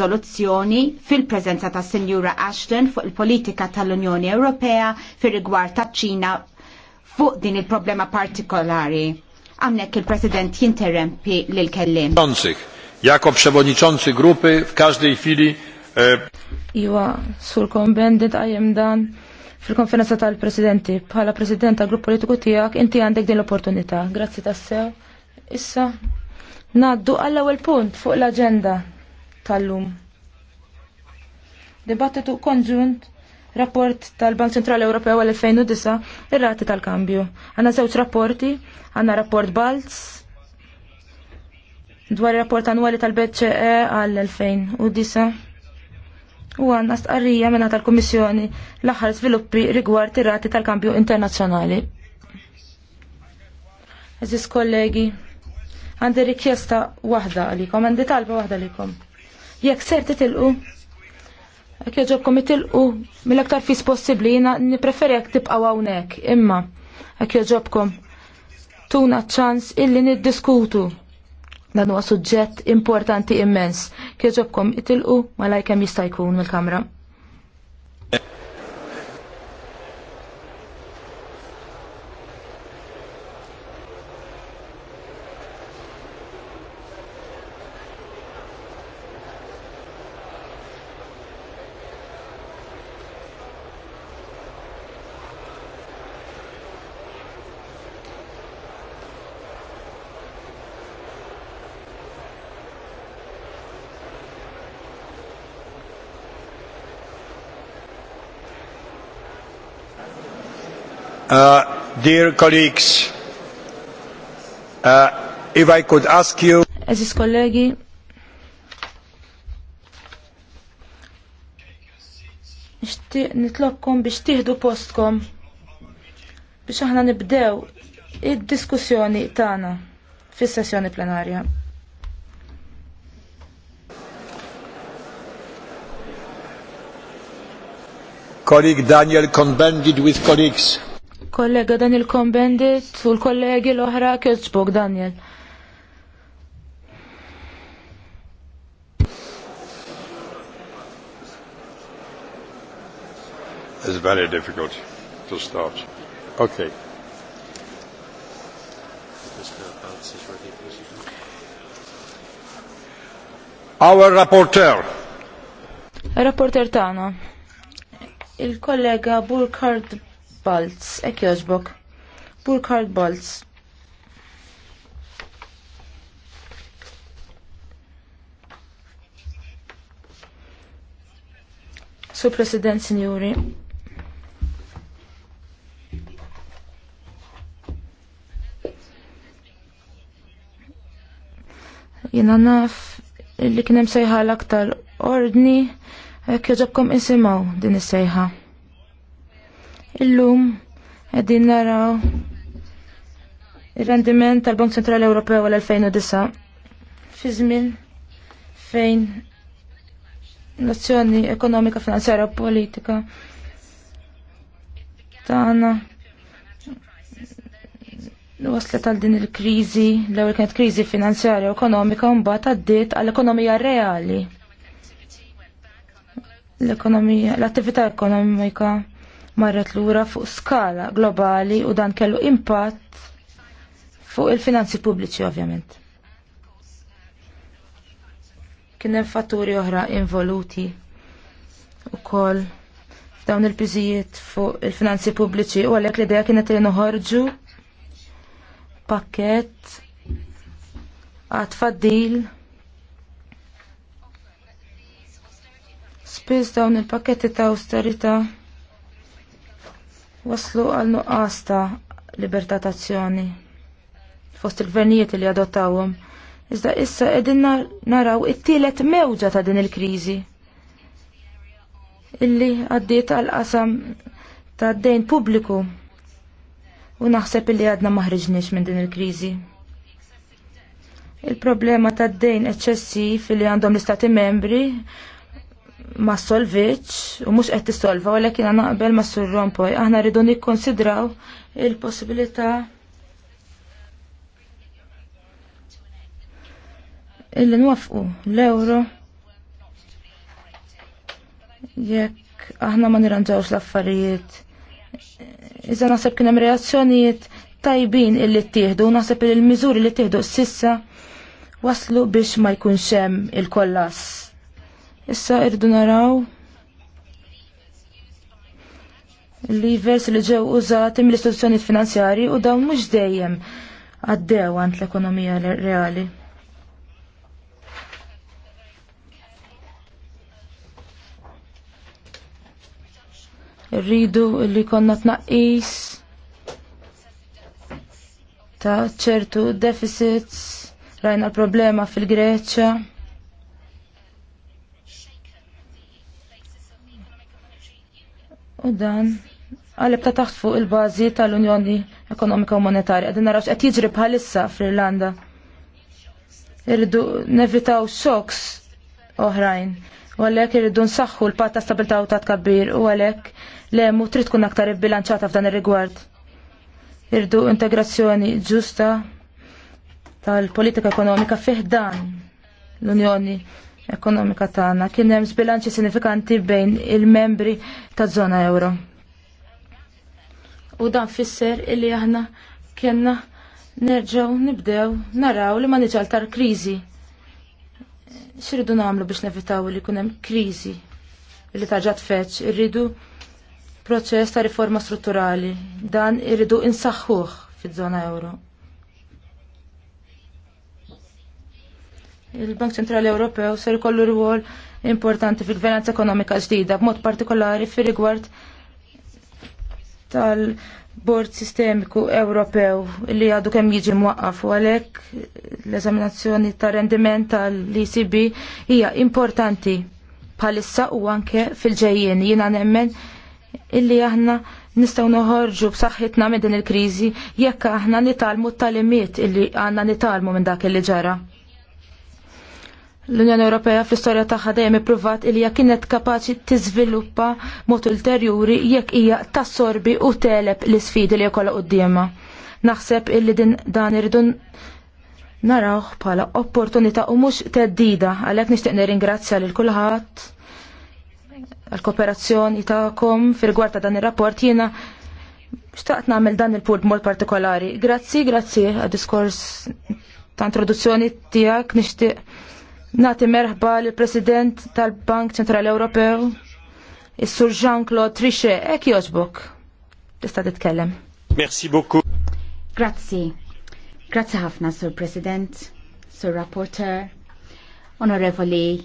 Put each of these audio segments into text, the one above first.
Soluzzjoni fil-prezenza ta' Senjura Ashton fuq il-politika tal-Unjoni Ewropea fir rigward ta' ċina fuq din il-problema partikolari. Għamnek il-President jinterrempi l-kellim. Jakob Przewodniczący grupy w każdej chwili. E, Iwa, sur kombendit għajem dan fil-konferenza tal-presidenti. Bħala Presidenta tal-grupp politiku tijak, inti għandek din l-opportunità. Grazzi tassew. Issa, naddu għall-ewel punt fuq l-agenda tal-lum. Dibattitu konġunt rapport tal-Bank Centrali Ewropew għal 2009 ir-rati tal-kambju. Għanna żewġ rapporti, għanna rapport Balz dwar rapport annwali tal-BCE għal 2009 u għanna stqarrija minna tal komissjoni l-aħħar sviluppi rigward ir-rati tal-kambju internazzjonali. Eżis kollegi, għandi rikjesta wahda għalikom, għandi talba wahda għalikom. Jekk ser titilqu, jekk joġobkom itilqu mill-aktar fis possibbli jiena nippreferi jekk tibqgħu hawnhekk, imma jekk joġobkom tuna ċans illi niddiskutu. Dan huwa suġġett importanti immens. Kieġobkom itilqu ma lajkem jista' jkun mill-kamra. Uh, dear colleagues, uh, if I could ask you... Eżis kollegi, nitlokkom biex tieħdu postkom biex aħna nibdew id-diskussjoni tagħna fis-sessjoni plenarja. Colleague Daniel conbended with colleagues kollega Daniel Kombendit u l-kollegi l-oħra kjoċbok Daniel. It's very difficult to start. Okay. Our rapporteur. Rapporteur tana. Il-kollega Burkhard Balz, ek jazbok. Burkhard Balz. Sur President, Signori. jina naf li kienem sejħa l-aktar ordni, kjoġobkom insimaw din is-sejħa. Illum għedin nara il rendiment tal-Bank Centrali Ewropew għal-2009 Fizmin fejn l-azzjoni ekonomika, finanzjarja u politika tagħna waslet għal din il krizi l-ewwel kienet krizi finanzjarja u ekonomika u mbagħad għaddiet għall-ekonomija reali. L-ekonomija, l-attività ekonomika marret lura fuq skala globali u dan kellu impatt fuq il-finanzi pubbliċi ovvjament. Kien hemm fatturi oħra involuti wkoll f'dawn il-piżijiet fuq il-finanzi pubbliċi u għalhekk l-idea kienet li noħorġu pakket għatfaddil faddil spiż dawn il-pakketti ta' austerita' waslu għal nuqqas ta' libertà tazzjoni fost il-gvernijiet li adottawhom. Iżda issa qegħdin naraw it-tielet mewġa ta' din il-kriżi illi għaddiet għal qasam ta' dejn pubbliku u naħseb illi għadna maħriġniex minn din il-kriżi. Il-problema ta' dejn eċċessiv li għandhom l-istati membri ma solvitx u mhux qed u għalhekk jiena naqbel ma' Sur poj, Aħna rridu nikkonsidraw il-possibilità illi nwafqu l-euro jekk aħna ma nirranġawx l-affarijiet. Iżda naħseb kien hemm reazzjonijiet tajbin illi ttieħdu u naħseb il-miżuri li s sissa waslu biex ma jkunx hemm il kollas Issa irdu naraw levers li ġew użati mill-istituzzjonijiet finanzjarji u dawn mhux dejjem għaddew għand l-ekonomija reali. Rridu li konna tnaqqis ta' ċertu deficits, rajna l problema fil-Greċja. U dan għalib ta' taħt fuq il-bazi tal-Unjoni Ekonomika u Monetarja. Għadin naraw qed jiġri bħalissa fl-Irlanda. Irridu nevitaw xoks oħrajn. U għalek irridu nsaħħu l-pat ta' stabilta u ta' tkabbir u għalek le mu trid tkun aktar bilanċata f'dan ir-rigward. Irridu integrazzjoni ġusta tal-politika ekonomika fiħdan l-Unjoni ekonomika tagħna kien hemm sbilanċi sinifikanti bejn il-membri taż-żona euro. U dan fisser illi aħna kienna nerġgħu nibdew naraw li ma niġal tar kriżi. X'iridu nagħmlu biex nevitaw li jkun hemm kriżi li taġa tfeċ, irridu proċess ta' riforma strutturali. Dan irridu insaħħuh fiż-żona euro. Il-Bank Ċentrali Ewropew ser ikollu rwol importanti fil-gvernanza ekonomika ġdida, b'mod partikolari fir rigward tal-Bord Sistemiku Ewropew li għadu kemm jiġi mwaqqaf u għalhekk l-eżaminazzjoni tar rendiment tal-ECB hija importanti bħalissa u anke fil-ġejjien jiena nemmen illi aħna nistgħu noħorġu b'saħħitna minn din il-kriżi jekk aħna nitalmu t-talimiet illi għandna nitalmu minn dak il-li ġara. L-Unjoni Ewropea fl-istorja tagħha dejjem ippruvat ilija kienet kapaċi tiżviluppa mod ulterjuri jekk hija tassorbi u teleb l-isfidi li jkollha qudiemha. Naħseb illi din dan irridu narawh bħala opportunità u mhux teddida għalhekk nixtieq nirringrazzja lil kulħadd għal-kooperazzjoni tagħkom fir ta' dan ir-rapport jiena xtaqt nagħmel dan il-punt mod partikolari. Grazzi, grazzi għad-diskors ta' introduzzjoni tiegħek. nixtieq Nati merħba l president tal-Bank Ċentrali Ewropew, il sur Jean-Claude Trichet, ek joġbok. Tista' titkellem. Merci beaucoup. Grazzi. Grazzi ħafna, Sur President, Sur Rapporteur, Onorevoli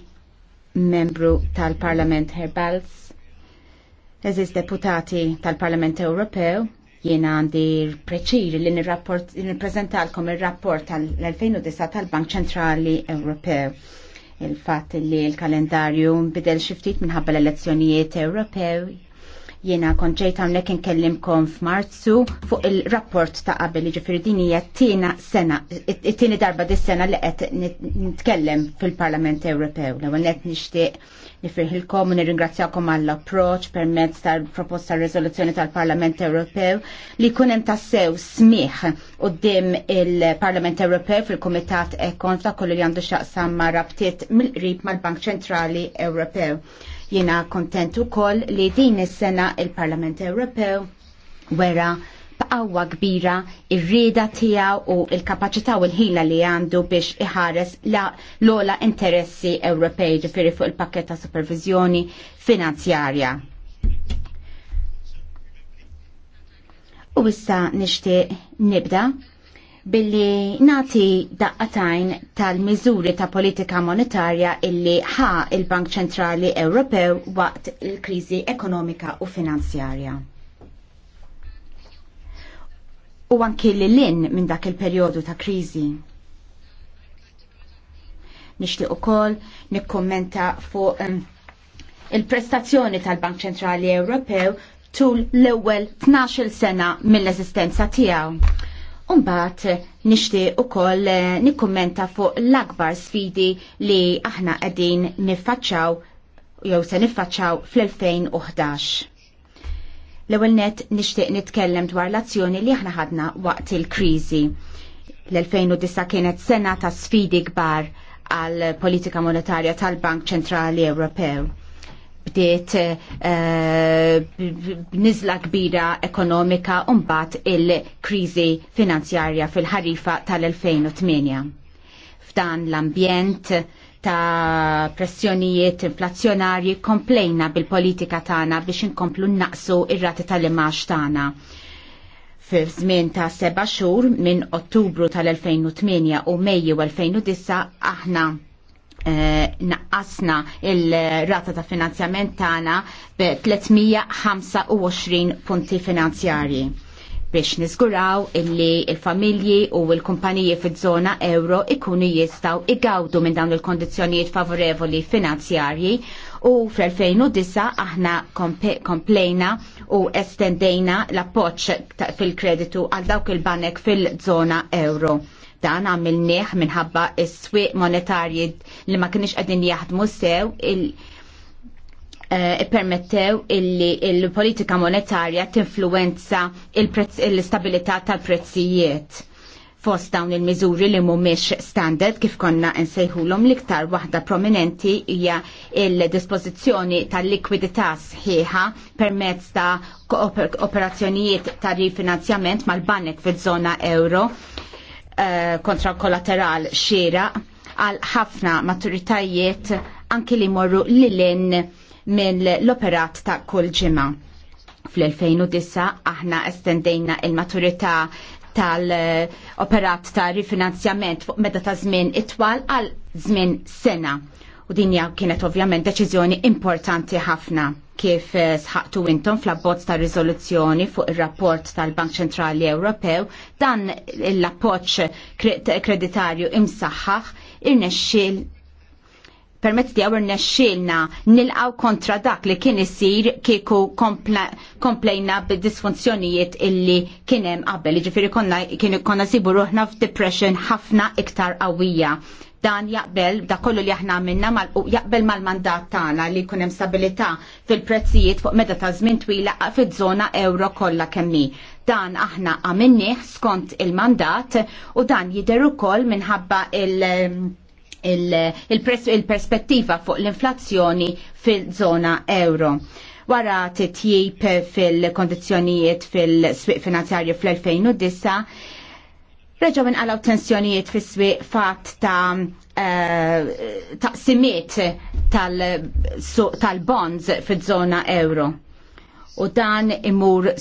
Membru tal-Parlament Herbals, eżis deputati tal-Parlament Ewropew, Jena għandi preċir li nirrapprezentalkom il-rapport tal-2009 tal-Bank Ċentrali Ewropew il-fat li l-kalendarju bidel xiftit minħabba l-elezzjonijiet Ewropew. Jena konċejt għamlek nkellimkom f'Marzu fuq il-rapport ta' qabel ġifiri din hija tina sena, it-tieni darba dis-sena li qed nitkellem fil-Parlament Ewropew. L-ewwel qed nixtieq Nifirħilkom u nirringrazzjakom għall per permezz tal-proposta rezoluzzjoni tal-Parlament Ewropew li kunem tassew smiħ u dim il-Parlament Ewropew fil-Komitat Ekon ta' kollu li għandu xaqsam ma' rabtiet mill-qrib mal-Bank Ċentrali Ewropew. Jena kontentu kol li din is-sena il-Parlament Ewropew wera b'qawwa kbira ir-rieda tiegħu u l-kapaċità u l-ħila li għandu biex iħares l-ola interessi Ewropej ġifieri fuq il-pakket ta' supervizjoni finanzjarja. U issa nixtieq nibda billi nati daqqatajn tal-miżuri ta' politika monetarja illi ħa il-Bank Ċentrali Ewropew waqt il-kriżi ekonomika u finanzjarja u anki li l-in minn dak il-periodu ta' krizi. Nishtiq u kol nikkommenta fuq um, il-prestazzjoni tal-Bank Ċentrali Ewropew tul l-ewwel 12 sena mill-eżistenza tiegħu. Umbat eh, nishti u koll eh, nikkommenta fuq l-akbar sfidi li aħna għedin nifacċaw jew se niffaċċaw fl-2011. L-ewwel net nixtieq nitkellem dwar l-azzjoni li aħna ħadna waqt il-kriżi. L-2009 kienet sena ta' sfidi kbar għal politika monetarja tal-Bank Ċentrali Ewropew bdiet eh, b'nizla kbira ekonomika u mbagħad il-kriżi finanzjarja fil-ħarifa tal-2008. F'dan l-ambjent ta' pressjonijiet inflazzjonarji komplejna bil-politika tagħna biex inkomplu naqsu ir-rati tal-imax tagħna. fil żmien ta' seba' xhur minn Ottubru tal-2008 u Mejju 2009 aħna eh, naqqasna il-rata ta' finanzjament tagħna b'325 punti finanzjarji biex niżguraw illi il-familji u l-kumpaniji fiż-żona euro ikunu jistaw igawdu minn dawn il-kondizzjonijiet favorevoli finanzjarji u fl-2009 aħna komplejna u estendejna l-appoċ fil-kreditu għal dawk il-banek fil-żona euro. Dan għamilnieħ minħabba is swiq monetarji li ma kienx qegħdin jaħdmu sew il- Eh, permettew illi il-politika monetarja tinfluenza l-istabilità tal-prezzijiet fost dawn il-miżuri li mhumiex standard kif konna nsejħulhom l-iktar waħda prominenti hija il-dispożizzjoni tal-likwidità sħiħa permezz ta' operazzjonijiet ta' rifinanzjament mal-banek fiż-żona euro eh, kontra kollateral xira għal ħafna maturitajiet anki li morru lilin mill-operat ta' kull ġimgħa. Fl-2009 aħna estendejna il-maturità tal-operat ta' rifinanzjament fuq meta ta' żmien itwal għal żmien sena. U din kienet ovvjament deċiżjoni importanti ħafna kif eh, sħaqtu intom fl-abbozz ta' riżoluzzjoni fuq ir-rapport tal-Bank Ċentrali Ewropew dan l-appoċ kreditarju imsaħħaħ irnexxiel permezz di għawr nesċilna nilqaw kontra dak li kien isir kieku komplejna bid-disfunzjonijiet illi kienem qabel. Ġifiri konna, konna sibu ruħna f-depression ħafna iktar qawwija dan jaqbel da kollu li aħna minna mal jaqbel mal-mandat tagħna li jkun hemm stabilità fil-prezzijiet fuq meta ta' żmien twila fiż-żona euro kollha kemmi. Dan aħna għamennih skont il-mandat u dan jidher ukoll minħabba il- il-perspettiva fuq l-inflazzjoni fil zona euro wara titjib fil-kondizjonijiet fil-swiq finanzjarju fl-2009, reġaw minn għalaw tensjonijiet fis swiq fatt ta' eh, taqsimiet tal-bonds tal bonds fil zona euro. U dan imur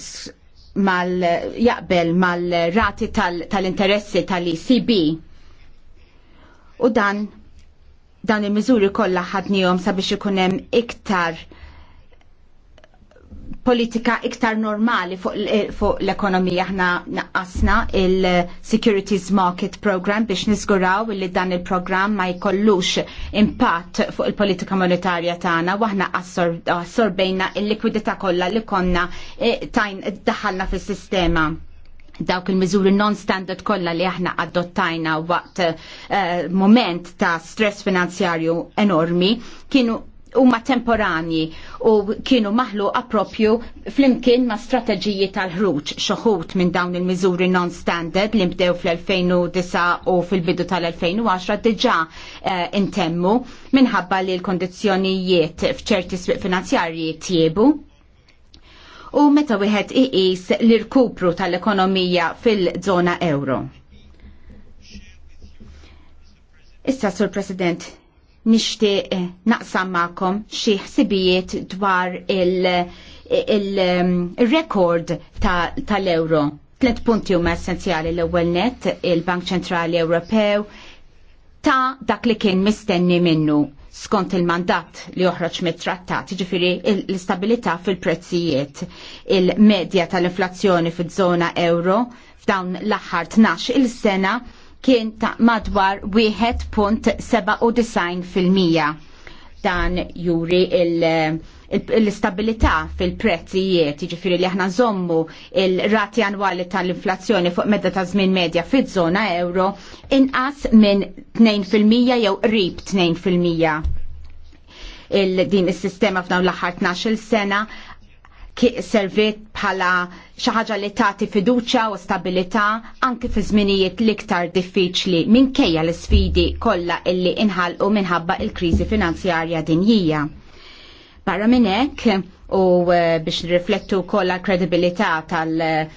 mal jaqbel mal-rati tal-interessi tal-ECB. tal interessi tal ecb u dan dan il-miżuri kollha jom sabiex ikun hemm iktar politika iktar normali fuq eh, l-ekonomija ħna naqqasna il-Securities Market Program biex nisguraw li dan il-program ma jkollux impatt fuq il-politika monetarja tagħna u aħna assorbejna il-likwidità kollha li konna eh, tajn daħalna fis-sistema dawk il-miżuri non-standard kollha li aħna adottajna waqt uh, moment ta' stress finanzjarju enormi kienu huma temporani u kienu maħlu appropju flimkien ma' strateġiji tal-ħruġ xoħut minn dawn il-miżuri non-standard li bdew fl-2009 u fil-bidu tal-2010 diġa uh, eh, intemmu minħabba li l-kondizjonijiet fċerti sbiq finanzjarji tjiebu u meta wieħed iqis l-irkupru tal-ekonomija fil-żona euro. Issa, Sur President, nixtieq eh, naqsam magħkom xi ħsibijiet dwar um, il-rekord il rekord tal euro Tlet punti huma essenzjali l-ewwel net il-Bank Ċentrali Ewropew ta' dak li kien mistenni minnu skont il-mandat li uħraċ mit-trattat, ġifiri l-istabilità fil-prezzijiet, il-medja tal-inflazzjoni fil-żona euro f'dawn l-aħħar 12 il-sena kien ta' madwar 1.97 fil-mija. Dan juri il- l-istabilità fil-prezzijiet, jiġifieri li aħna zommu il-rati annwali tal-inflazzjoni fuq medda ta' żmien medja fiż-żona euro inqas minn 2% jew qrib 2% il-din is-sistema f'dawn l-aħħar 12 sena servet bħala xi ħaġa li tagħti fiduċja u stabilità anke fi żminijiet l-iktar diffiċli minkejja l-isfidi kollha illi inħalqu minħabba il-kriżi finanzjarja dinjija. Barra minn hekk u eh, biex nirriflettu wkoll għall kredibilità tal- eh,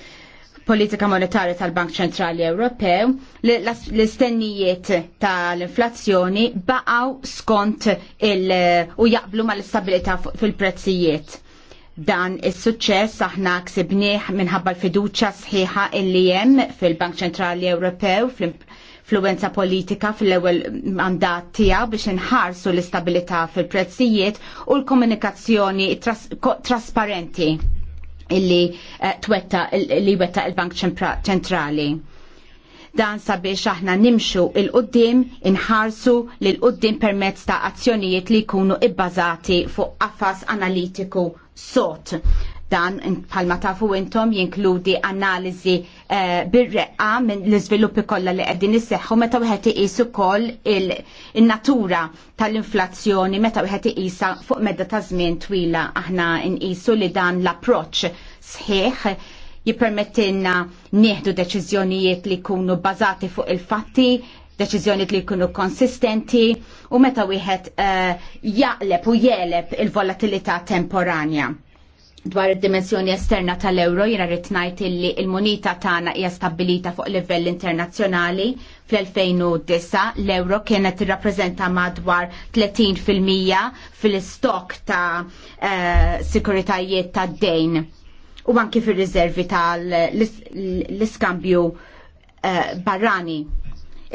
politika monetarja tal-Bank Ċentrali Ewropew l-istennijiet tal-inflazzjoni baqaw skont il- u jaqblu mal-istabilità fil-prezzijiet. Dan is suċċess aħna ksibnieh minħabba l-fiduċa sħiħa illi hemm fil-Bank Ċentrali Ewropew fl Fluwenza politika fil-ewwel mandat tiegħu biex inħarsu l-istabilità fil-prezzijiet u l-komunikazzjoni trasparenti illi eh, twetta li wetta il-Bank Ċentrali dan sabiex aħna nimxu il-qoddim inħarsu l qoddim permezz ta' azzjonijiet li jkunu ibbażati fuq qafas analitiku sot Dan palma tafu intom jinkludi analizi uh, bir-reqqa minn l-iżviluppi kollha li qegħdin isseħħu meta wieħed iqis ukoll in-natura tal-inflazzjoni meta wieħed iqisa fuq medda ta' żmien twila aħna nqisu li dan l-approċċ sħiħ jippermettilna nieħdu deċiżjonijiet li jkunu bażati fuq il-fatti, deċiżjonijiet li jkunu konsistenti u meta wieħed uh, jaqleb u jeleb il-volatilità temporanja dwar id-dimensjoni esterna tal-euro jena ritnajt illi il-monita tagħna hija stabilita fuq livell internazzjonali fl-2009 l-euro kienet rappresenta madwar 30% fil-mija fil-istok ta' uh, sikuritajiet ta' dejn u anki fil rizervi tal-iskambju uh, barrani.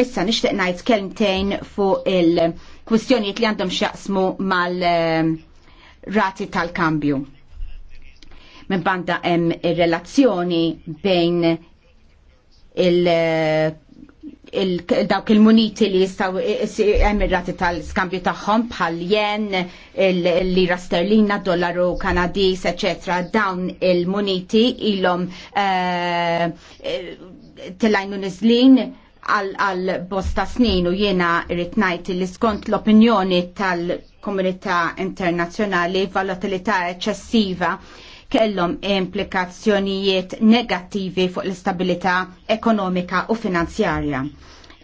Issa nixtieq ngħid kelmtejn fuq il-kwistjonijiet li għandhom x'jaqsmu mal- uh, rati tal-kambju. Minn banda hemm ir-relazzjoni bejn il- Il, dawk il-muniti li jistaw rati tal-skambju tagħhom bħal jen, il-lira sterlina, dollaru kanadis, etc. Dawn il-muniti ilhom eh, tilajnu niżlin għal bosta snin u jiena rrid ngħid li skont l-opinjoni tal-komunità internazzjonali volatilità eċċessiva kellhom implikazzjonijiet negattivi fuq l-istabilità ekonomika u finanzjarja.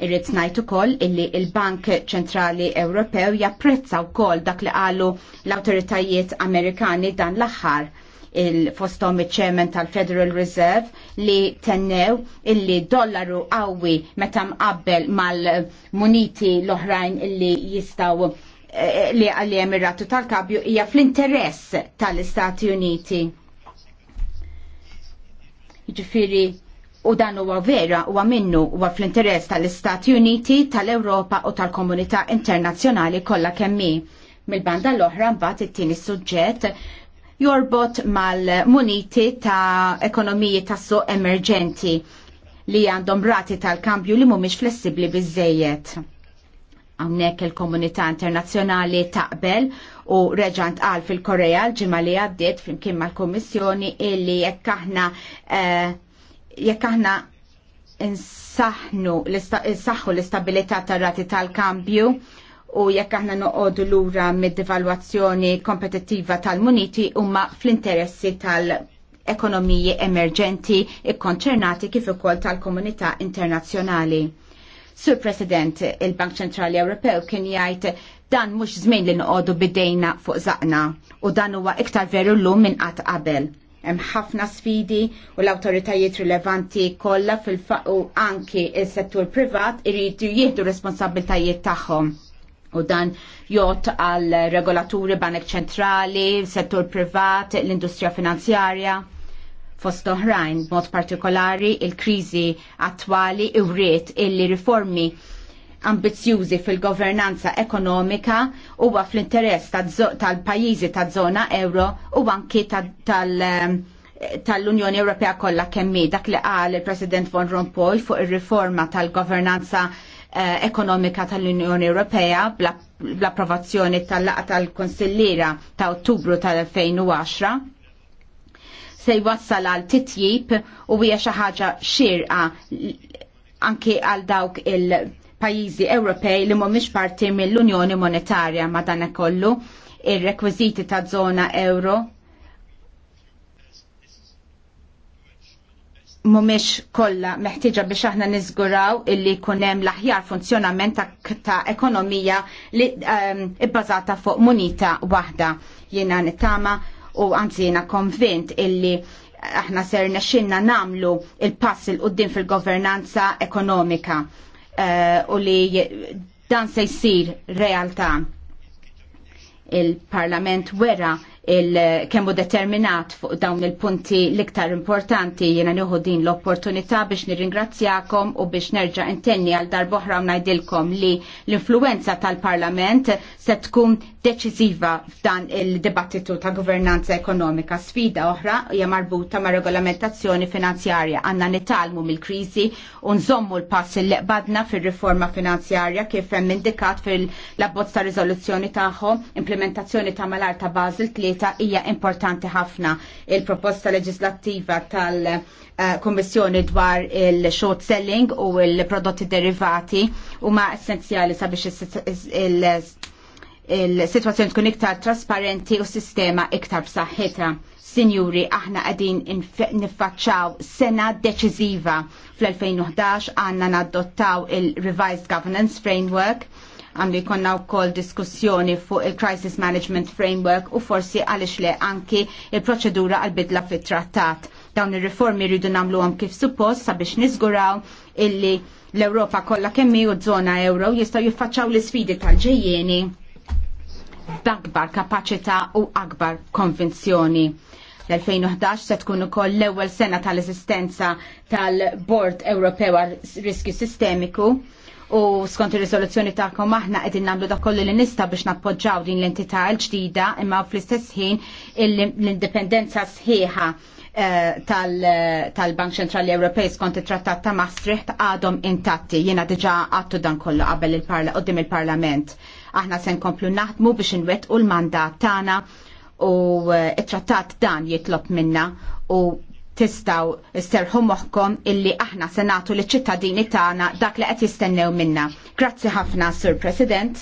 Irrid ngħid ukoll illi il-Bank Ċentrali Ewropew japprezza wkoll dak li qalu l-awtoritajiet Amerikani dan l-aħħar il-fostom iċ-ċemen tal-Federal Reserve li tennew illi dollaru qawwi meta mqabbel mal-muniti l-oħrajn illi jistaw li għalli ir tal-kabju hija fl-interess tal-Istati Uniti. Ġifiri, u dan huwa vera huwa minnu huwa fl-interess tal-Istati Uniti, tal-Ewropa u tal-Komunità Internazzjonali kollha kemm Mill-banda l-oħra mbagħad it-tieni suġġett jorbot mal-muniti ta' ekonomiji tas-suq emerġenti li għandhom rati tal-kambju li mhumiex flessibbli biżejjed Hawnhekk il-komunità internazzjonali taqbel u reġant qal fil-Korea l-ġimgħa li għaddiet flimkien mal-Kummissjoni illi jekk aħna eh, jekk aħna insaħnu l-istabilità tar-rati tal-kambju u jekk aħna noqogħdu lura mid-devalwazzjoni kompetittiva tal-muniti huma fl-interessi tal-ekonomiji emerġenti ikkonċernati kif ukoll tal-komunità internazzjonali. Sur President, il-Bank Ċentrali Ewropew kien jgħid dan mhux żmien li noqogħdu bidejna fuq zaqna u dan huwa iktar veru llum minn qatt qabel. Hemm ħafna sfidi u l-awtoritajiet rilevanti kollha fil-faq u anki s-settur privat iridu jieħdu r-responsabbiltajiet tagħhom. U dan jot għal regolaturi, banek ċentrali, settur privat, l-industrija finanzjarja Fost oħrajn, mod partikolari, il-krizi attwali iwriet illi riformi ambizjużi fil-governanza ekonomika huwa fl-interess tal-pajjiżi taż-żona euro u anki eh, tal-Unjoni Ewropea kollha kemmi dak li qal il-President Von Rompuy fuq ir-riforma tal-governanza eh, ekonomika tal-Unjoni Ewropea bl-approvazzjoni tal-laqa tal-Konsillira ta' Ottubru tal-2010 se jwassal għal titjib u hija xi ħaġa xirqa anke għal dawk il-pajjiżi Ewropej li mhumiex parti mill-Unjoni Monetarja madanakollu ir-rekwiżiti ta' żona euro mumiex kollha meħtieġa biex aħna niżguraw illi jkun hemm l-aħjar funzjonament ta' ekonomija li ehm, ibbażata fuq munita waħda. Jiena nittama u għanzi jena konvint illi aħna ser nexxinna namlu il-pass il-qoddim fil-governanza ekonomika eh, u li dan se jsir realtà il-Parlament wera kemmu determinat fuq dawn il-punti l-iktar importanti jena nieħu din l-opportunità biex nirringrazzjakom u biex nerġa' intenni għal darboħra u ngħidilkom li l-influenza tal-Parlament se tkun deċiżiva f'dan il-dibattitu ta' governanza ekonomika. Sfida oħra hija marbuta ma' regolamentazzjoni finanzjarja għandna nitalmu mill-kriżi u nżommu l-pass il qbadna fir-riforma finanzjarja kif hemm indikat fil-labbozz ta' riżoluzzjoni tagħhom, implementazzjoni ta' malar ta' Basel 3 solidarjetà hija importanti ħafna il-proposta leġislattiva tal- kommissjoni dwar il-short selling u il-prodotti derivati u ma essenzjali sabiex il-situazzjoni tkun iktar trasparenti u sistema iktar b'saħħitha. Sinjuri, aħna għadin nifacċaw sena deċiżiva fl-2011 għanna nadottaw il-Revised Governance Framework għandu jkonna u kol diskussjoni fuq il-Crisis Management Framework u forsi għalix le anki il-proċedura għal-bidla fit trattat Dawn il-reformi rridu namlu għam kif suppost sabiex nizguraw illi l-Europa kollha kemmi u zona euro jistaw jiffaċċaw l-sfidi tal-ġejjeni b'akbar kapaċità u akbar konvinzjoni l-2011 se tkun ukoll l-ewwel sena tal-esistenza tal-Bord Ewropew għal Riskju Sistemiku u skont ir-riżoluzzjoni tagħkom aħna qegħdin nagħmlu dak kollu li nista' biex nappoġġaw din l-entità l-ġdida imma fl-istess ħin l-indipendenza sħiħa eh, tal-Bank Ċentrali Ewropej skont it-Trattat ta' Maastricht għadhom intatti. Jiena diġà għattu dan kollu qabel qudiem il-Parlament. Aħna se nkomplu naħdmu biex inwettqu l-mandat tagħna u eh, it-trattat dan jitlob minna u tistaw isterħu moħkom illi aħna senatu li ċittadini tagħna dak li qed jistennew minna. Grazzi ħafna, Sur President.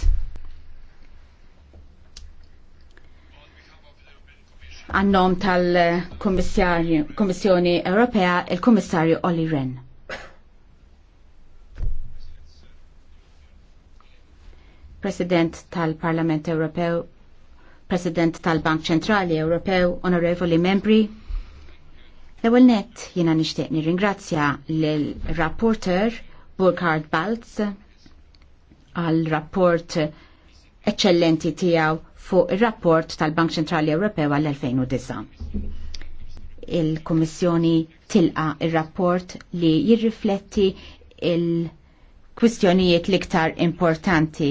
Għannom tal-Kommissjoni Ewropea, il-Kommissarju Olli Ren. President tal-Parlament Ewropew, President tal-Bank Ċentrali Ewropew, Onorevoli Membri, L-ewwel nett jiena nixtieq nirringrazzja l rapporter Burkhard Balz għal rapport eccellenti tiegħu fuq ir-rapport tal-Bank Ċentrali Ewropew għal 2009 Il-Kummissjoni tilqa il rapport li jirrifletti il-kwistjonijiet l-iktar importanti.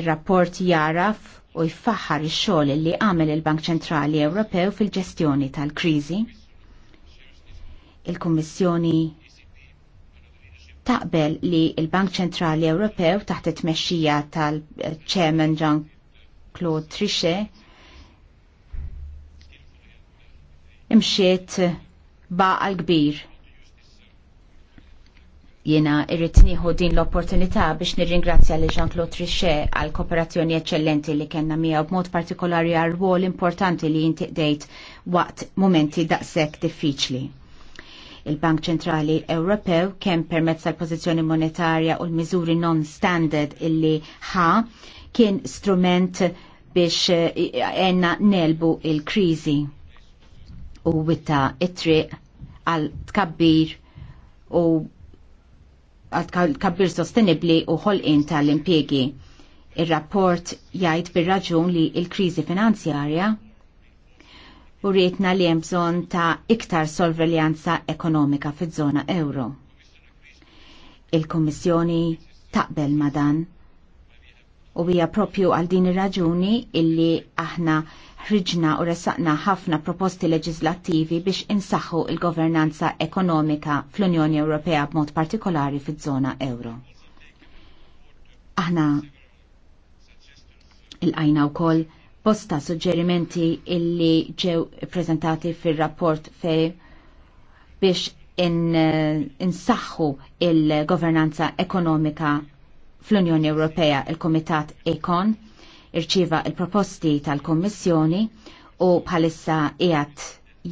Ir-rapport jaraf u jfaħħar ix-xogħol li għamel il-Bank Ċentrali Ewropew fil-ġestjoni tal-kriżi Il-Kummissjoni taqbel li il-Bank Ċentrali Ewropew taħt it-tmexxija tal-Chairman Jean-Claude Trichet imxiet baqal kbir. Jena irrit nieħu din l-opportunità biex nirringrazzja li Jean-Claude Trichet għal kooperazzjoni eccellenti li kenna miegħu b'mod partikolari għal rwol importanti li jintiqdejt waqt momenti daqshekk diffiċli. Il-Bank Ċentrali Ewropew kemm permezz tal-pożizzjoni monetarja u l-miżuri non-standard illi ħa kien strument biex eh, għenna nelbu il-krizi u witta it-triq għal tkabbir u għal tkabbir sostenibli u ħolqin tal-impiegi. Il-rapport jgħid bir-raġun li il-krizi finanzjarja u rietna li hemm bżonn ta' iktar sorveljanza ekonomika fiż-żona euro. Il-Kommissjoni taqbel ma' dan u hija propju għal din ir-raġuni illi aħna ħriġna u resaqna ħafna proposti leġislattivi biex insaħħu il-governanza ekonomika fl-Unjoni Ewropea b'mod partikolari fiż-żona euro. Aħna il u wkoll bosta suġġerimenti illi ġew prezentati fil-rapport fej biex insaħħu in il-governanza ekonomika fl-Unjoni Ewropea il-Komitat Ekon irċiva il-proposti tal-Kommissjoni u bħalissa qiegħed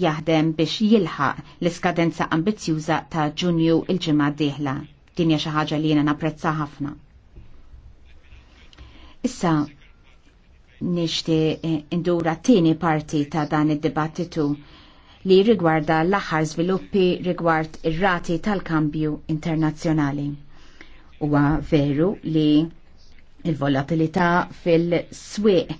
jaħdem biex jilħaq l-iskadenza ambizjuża ta' Ġunju il-ġimgħa d-dieħla. Din hija xi ħaġa li jiena napprezza ħafna. Issa nixti eh, indura t-tieni parti ta' dan id-dibattitu li rigwarda l-aħħar sviluppi rigward ir-rati tal-kambju internazzjonali. Huwa veru li il-volatilità fil-swieq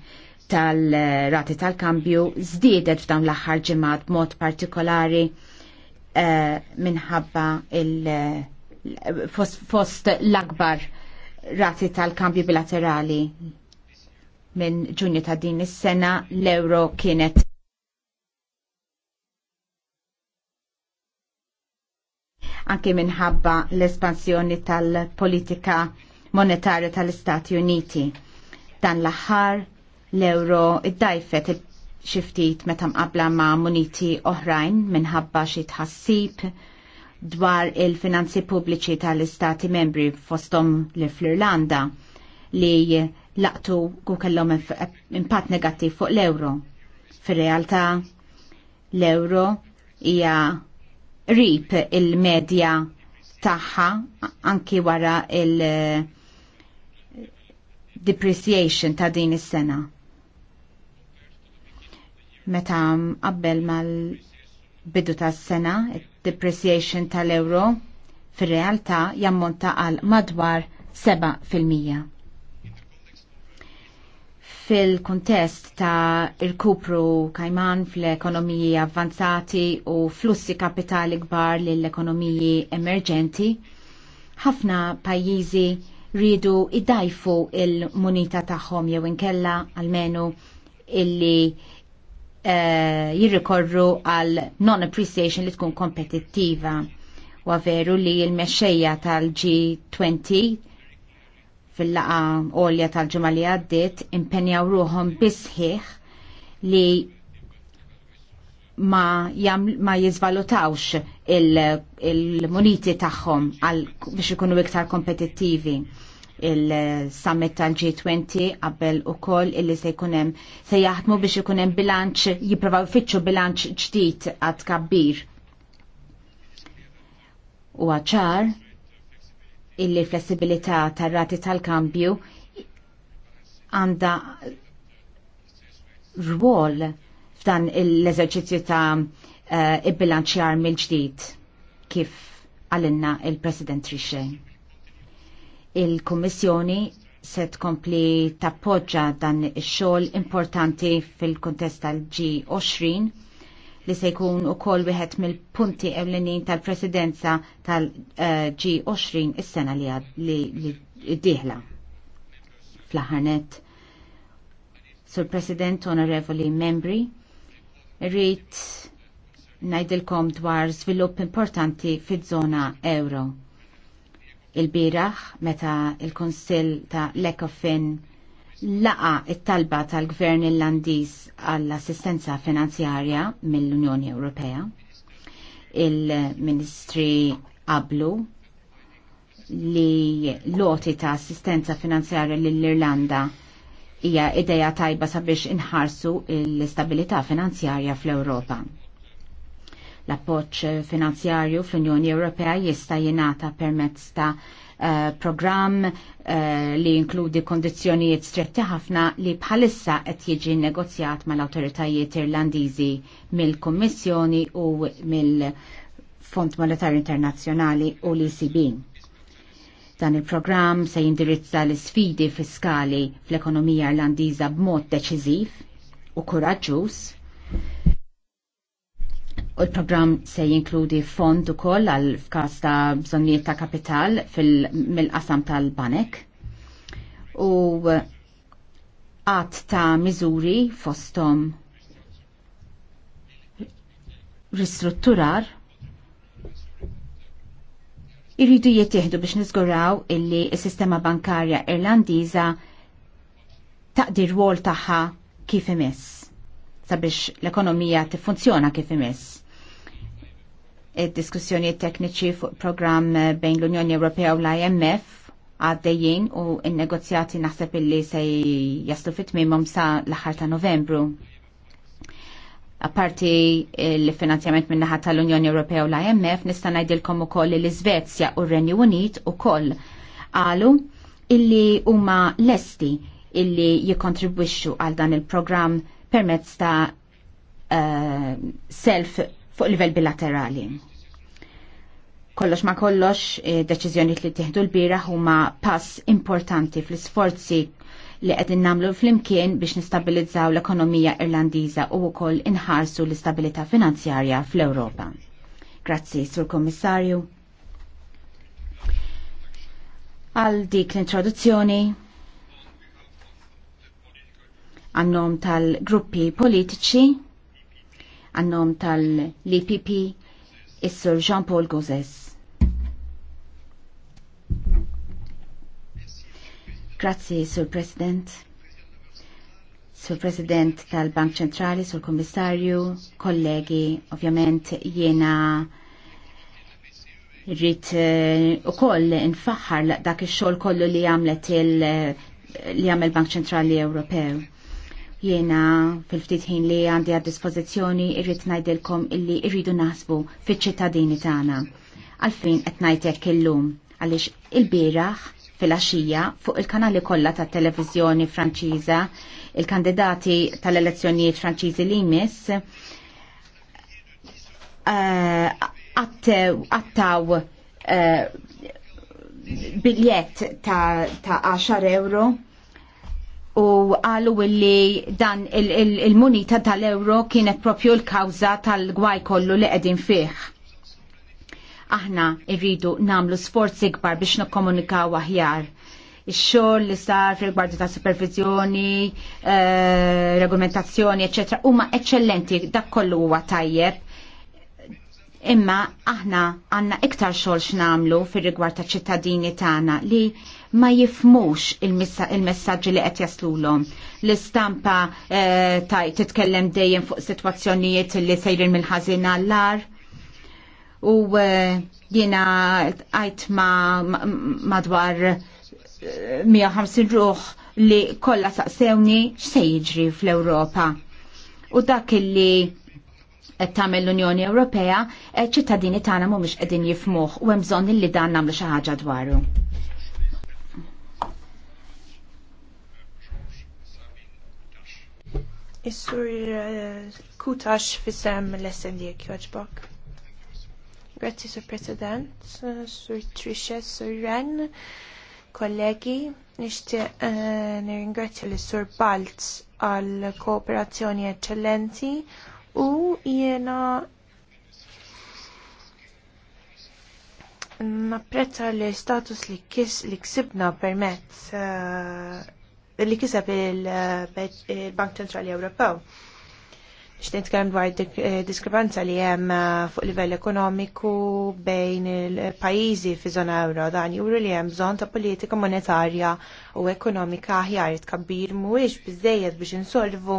tal-rati tal-kambju zdiedet f'dawn l-aħħar ġimgħat mod partikolari uh, minħabba il fost l-akbar rati tal-kambju bilaterali minn ġunju ta' din is-sena l-euro kienet anke minħabba l-espansjoni tal-politika monetarja tal-Istati Uniti. Dan l-aħħar l-euro id-dajfet xiftit meta mqabla ma' muniti oħrajn minħabba xi tħassib dwar il-finanzi pubbliċi tal-Istati membri fostom l-Irlanda li laqtu ku kellhom impatt negattiv fuq l-euro. Fir-realtà l-euro hija rip il-medja tagħha anki wara il- depreciation ta' din is-sena. Meta qabel mal-bidu tas-sena, depreciation tal-euro fir-realtà jammonta għal madwar 7 fil-kontest ta' irkupru kajman fl-ekonomiji avvanzati u flussi kapitali kbar lill-ekonomiji emerġenti, ħafna pajjiżi ridu iddajfu il-munita tagħhom jew inkella għalmenu illi uh, jirrikorru għal non-appreciation li tkun kompetittiva. Wa veru li l mexxejja tal-G20 fil-laqa olja tal-ġimma li għaddit impenjaw ruħom bisħiħ li ma, jam, ma jizvalutawx il-muniti il tagħhom biex ikunu iktar kompetittivi il-summit tal-G20 qabel u koll illi se jkunem se jaħdmu biex ikunem bilanċ jiprovaw fitxu bilanċ ġdid għad kabbir. U għacħar illi flessibilità tar-rati tal-kambju għanda rwol f'dan l-eżerċizzju ta' uh, eh, il-bilanċjar mill-ġdid kif għalinna il-President Trixxe. Il-Kommissjoni se tkompli tappoġġa dan ix-xogħol importanti fil-kontest tal-G20 li se jkun ukoll wieħed mill-punti ewlenin tal-presidenza tal-G20 is-sena li, li, li diħla fl Sur President, Onorevoli Membri, rrit najdilkom dwar svilupp importanti fid-żona euro. Il-biraħ meta il-Konsil ta' l laqa it-talba tal-Gvern Irlandiż għall-assistenza finanzjarja mill-Unjoni Ewropea. Il-Ministri qablu li loti ta' assistenza finanzjarja lill-Irlanda hija ideja tajba sabiex inħarsu l-istabilità finanzjarja fl-Ewropa l-appoċ finanzjarju fl-Unjoni Ewropea jista' jingħata permezz ta' Eh, program eh, li inkludi kondizjonijiet stretti ħafna li bħalissa qed jiġi negozjat mal-awtoritajiet Irlandiżi mill-Kummissjoni u mill-Fond Monetarju Internazzjonali u l-ECB. Dan il-programm se jindirizza l-sfidi fiskali fl-ekonomija Irlandiża b'mod deċiżiv u kuraġġuż U l-program se jinkludi fond ukoll għal f'każ ta' bżonnijiet ta' kapital mill-qasam tal-banek. U għat ta' miżuri fostom ristrutturar irridu jittieħdu biex nizguraw illi s-sistema bankarja irlandiża taqdir wol tagħha kif imiss sabiex l-ekonomija tiffunzjona kif imiss. Diskussjoni tekniċi fuq programm eh, bejn l-Unjoni Ewropea u l-IMF għaddejjien u n-negozjati naħseb illi se jaslu fit sa l-aħħar ta' Novembru. Apparti eh, l-finanzjament minn naħat tal-Unjoni Ewropea u l-IMF, nista' ngħidilkom ukoll li l-Iżvezja u r-Renju Unit ukoll qalu illi huma lesti illi jikontribwixxu għal dan il-programm permezz ta' uh, self fuq livell bilaterali. Kollox ma kollox e, deċizjoni li tieħdu l-bira huma pass importanti fl-isforzi li qed innamlu fl-imkien biex nistabilizzaw l-ekonomija Irlandiża u wkoll inħarsu l-istabilità finanzjarja fl-Ewropa. Grazzi, Sur Kommissarju. Għal dik l-introduzzjoni għannom tal-gruppi politiċi għannom tal-LPP is-Sur Jean-Paul Gozes. Grazzi, Sur President. Sur President tal-Bank Centrali, Sur Komissarju, kollegi, ovvjament jiena rrit eh, u koll nfaħħar dak ix-xogħol kollu li għamlet il- li Bank Centrali Ewropew Jena fil-ftit ħin li għandi għad dispozizjoni irrit ngħidilkom illi irridu naħsbu fiċ-ċittadini tagħna. Għalfejn qed ngħidlek illum għaliex il-bieraħ fil-axija fuq il-kanali kollha tat-televiżjoni Franċiża, il-kandidati tal-elezzjonijiet Franċiżi li jmiss għattaw eh, eh, biljett ta' 10 euro u għalu illi dan il-munita il tal-euro kienet propju l-kawza tal-gwaj kollu li qegħdin fih. Aħna irridu namlu sforzi gbar biex nikkomunikaw aħjar Ix-xogħol li sar fil ta' supervizjoni, eh, regolamentazzjoni, eccetera, huma eccellenti, dak kollu huwa tajjeb. Imma aħna għandna iktar xogħol x'namlu fir rigward ta' ċittadini tagħna li ma jifmux il-messagġi li qed jaslulhom. L-istampa eh, taj titkellem dejjem fuq sitwazzjonijiet li sejrin mill-ħażin għall-ar. U eh, jiena għajt ma madwar 150 eh, ruħ li kollha saqsewni x'se jiġri fl-Ewropa. U dak li qed tagħmel l-Unjoni Ewropea, ċittadini tagħna mhumiex qegħdin jifmuh u hemm bżonn li dan nagħmlu xi ħaġa dwaru. Is-sur eh, Kutax fissem l-SND kjoġbok. Grazzi, Sur President, Sur Trisha, Sur Ren, kollegi, nishti uh, eh, nirringrazzja l-Sur Balz għal kooperazzjoni eccellenti u jiena napprezza l-status li kis li ksibna permezz uh, li kiseb il-Bank Centrali Ewropew. t-kem dwar eh, diskrepanza li hemm eh, fuq livell ekonomiku bejn il-pajjiżi fi żona euro dan juru li hemm bżonn ta' politika monetarja u ekonomika aħjar tkabbir mhuwiex biżejjed biex insolvu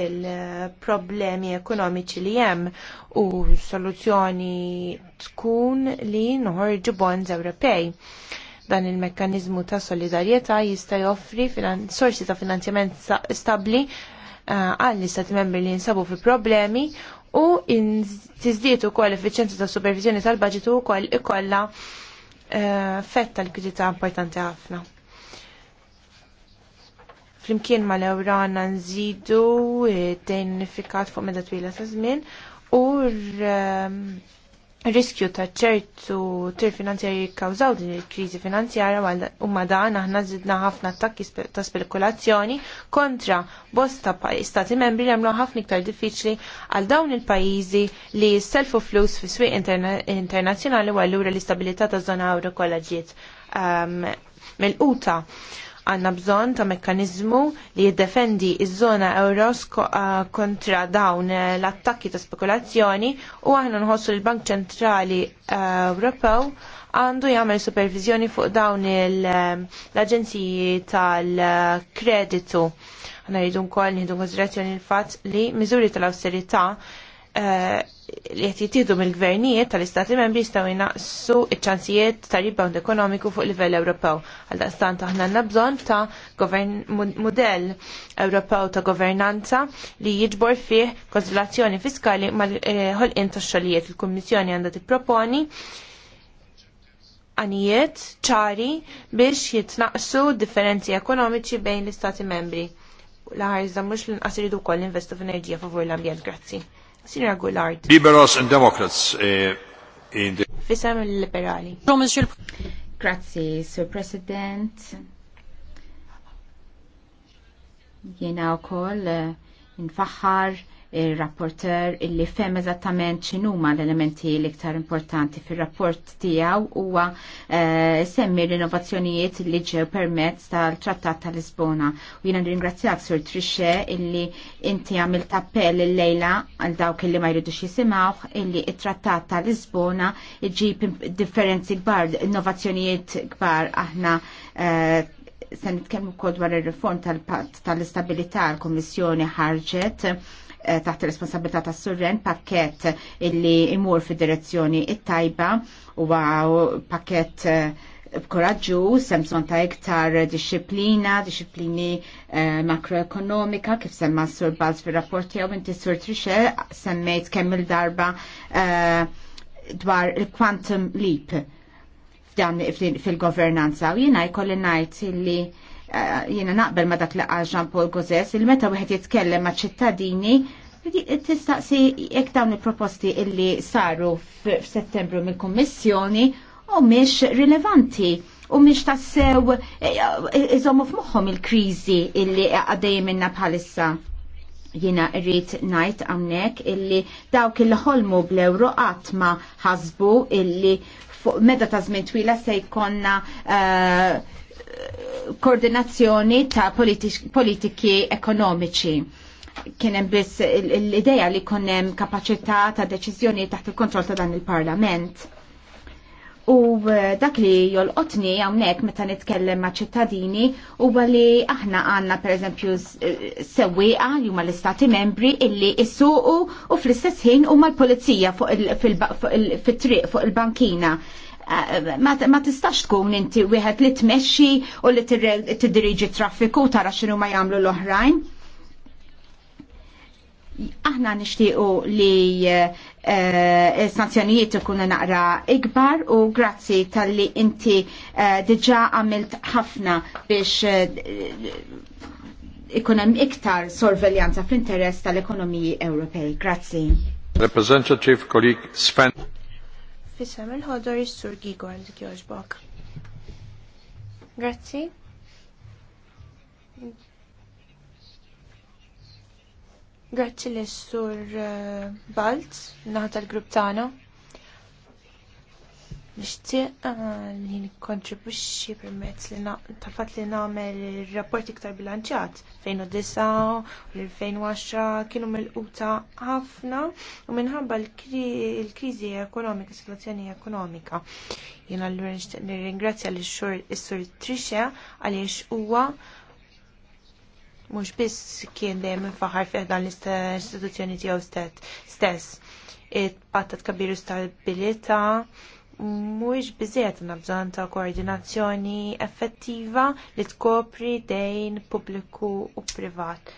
il-problemi ekonomiċi li hemm u soluzzjoni tkun li noħorġu bonds Ewropej. Dan il-mekkanizmu ta' solidarjetà jista' joffri sorsi ta' finanzjament stabbli eh, għall istati membri li jinsabu fi problemi u tiżdiet ukoll effiċjenza ta' supervizjoni tal-baġitu ukoll ikollha eh, fetta l-kredita importanti ħafna flimkien ma l-ewra nżidu eh, dejn unifikat fuq meda twila ta' żmien u riskju ta' ċertu tir finanzjarji kkawżaw din il-kriżi finanzjarja u ma dan aħna żidna ħafna attakki ta' spekulazzjoni kontra bosta stati membri li għamlu ħafna iktar diffiċli għal dawn il-pajjiżi li selfu flus fi swieq internazzjonali u allura l-istabilità ta' żona euro kollha ġiet mill-quta. Um, għanna bżon ta' mekkanizmu li jiddefendi iż-żona euros kontra dawn eh, l-attakki ta' spekulazzjoni u aħna nħossu l-Bank Ċentrali eh, Ewropew għandu jagħmel supervizjoni fuq dawn eh, l-aġenziji tal-kreditu. Għanna rridu nkoll nieħdu konsiderazzjoni l-fatt li miżuri tal-awsterità Eh, li qed jittieħdu mill-gvernijiet tal-Istati Membri jistgħu jnaqsu ċ-ċansijiet ta' rebound ekonomiku fuq livell Ewropew. Għal daqstant aħna għandna bżonn ta' mudell Ewropew ta' governanza li jiġbor fih konsolazzjoni fiskali mal-ħolqien tax-xogħlijiet. Il-Kummissjoni għandha tipproponi għanijiet ċari biex jitnaqsu differenzi ekonomiċi bejn l-Istati Membri. Laħar iżda mhux l-inqas iridu wkoll investu f'enerġija favur l-ambjent. Grazzi. Sinra Gullard. Liberals and Democrats eh, Fisam il-liberali. Grazie, Sir President. Jena u koll, eh, nfaxħar il-rapporter illi fem eżattament x'inhuma l-elementi l-iktar importanti fir-rapport tiegħu huwa uh, semmi l-innovazzjonijiet li ġew permezz tal-Trattat tal-Lisbona. U jiena nirringrazzjak Sur Trixxe illi inti għamilt il illejla għal dawk illi ma jridux jisimgħu illi il trattat tal-Lisbona iġib differenzi kbar, innovazzjonijiet kbar aħna uh, se nitkellmu wkoll dwar ir-riform tal-patt tal-istabilità l-Kummissjoni ħarġet Eh, taħt responsabilità ta' surren pakket illi imur fi direzzjoni it-tajba u pakket b'koraġġu eh, semson ta' iktar disciplina, disciplini eh, makroekonomika, kif semma sur Balz fil rapporti għaw inti sur Trixe, semmejt kemm il-darba eh, dwar il-quantum leap fil-governanza. U jina jkolli najt li Eh, jiena naqbel ma dak laqa Jean Paul Gozes il-meta wieħed jitkellem ma' ċittadini tistaqsi jekk dawn il-proposti illi saru f'Settembru mill-Kummissjoni u miex rilevanti u miex tassew eh, iżommu f'moħħom il-krizi illi għaddej minna bħalissa. Jina rrit najt għamnek illi dawk il ħolmu bl-euro għatma ħasbu illi fuq meda ta' żmien twila se uh, koordinazzjoni ta' politiki ekonomiċi. Kien hemm biss l-idea li jkun hemm kapaċità ta' deċizjoni taħt il kontrol ta' dan il-Parlament. U eh, dak li jolqotni hawnhekk meta nitkellem ma' ċittadini huwa li aħna għandna pereżempju eh, sewwieqa li huma l-istati membri illi issuqu u fl-istess ħin huma l-pulizija fuq il-triq fuq il-bankina. il triq fuq il bankina il fuq il bankina ma tistax tkun inti wieħed li tmexxi u li tiddiriġi traffiku tara x'inhu ma jagħmlu l-oħrajn. Aħna nixtiequ li eh, eh, sanzjonijiet ikunu naqra ikbar u grazzi tal-li inti eh, diġà għamilt ħafna biex ikun hemm iktar sorveljanza fl-interess tal-ekonomiji Ewropej. Grazzi. Representative colleague Sven Fisem il-ħodor is-sur Gigol Gjoġbok. Grazzi. Grazzi lis sur eh, Balz, naħta l-grupp tagħna. Nixtieq ah, li nikkontribwixxi permezz li tal fat li nagħmel rapport iktar bilanċjat fejn u l għaxra kienu melquta ħafna u minħabba l-kriżi ekonomika, situazzjoni ekonomika. Jiena allura nixtieq nirringrazzja s sur Trixha għaliex huwa mhux biss kien dejjem faħar fih dan l-istituzzjoni tiegħu stess. It-patta tkabbir stabilita' mhuwiex biżejjed għandna bżonn ta' koordinazzjoni effettiva li tkopri dejn pubbliku u privat.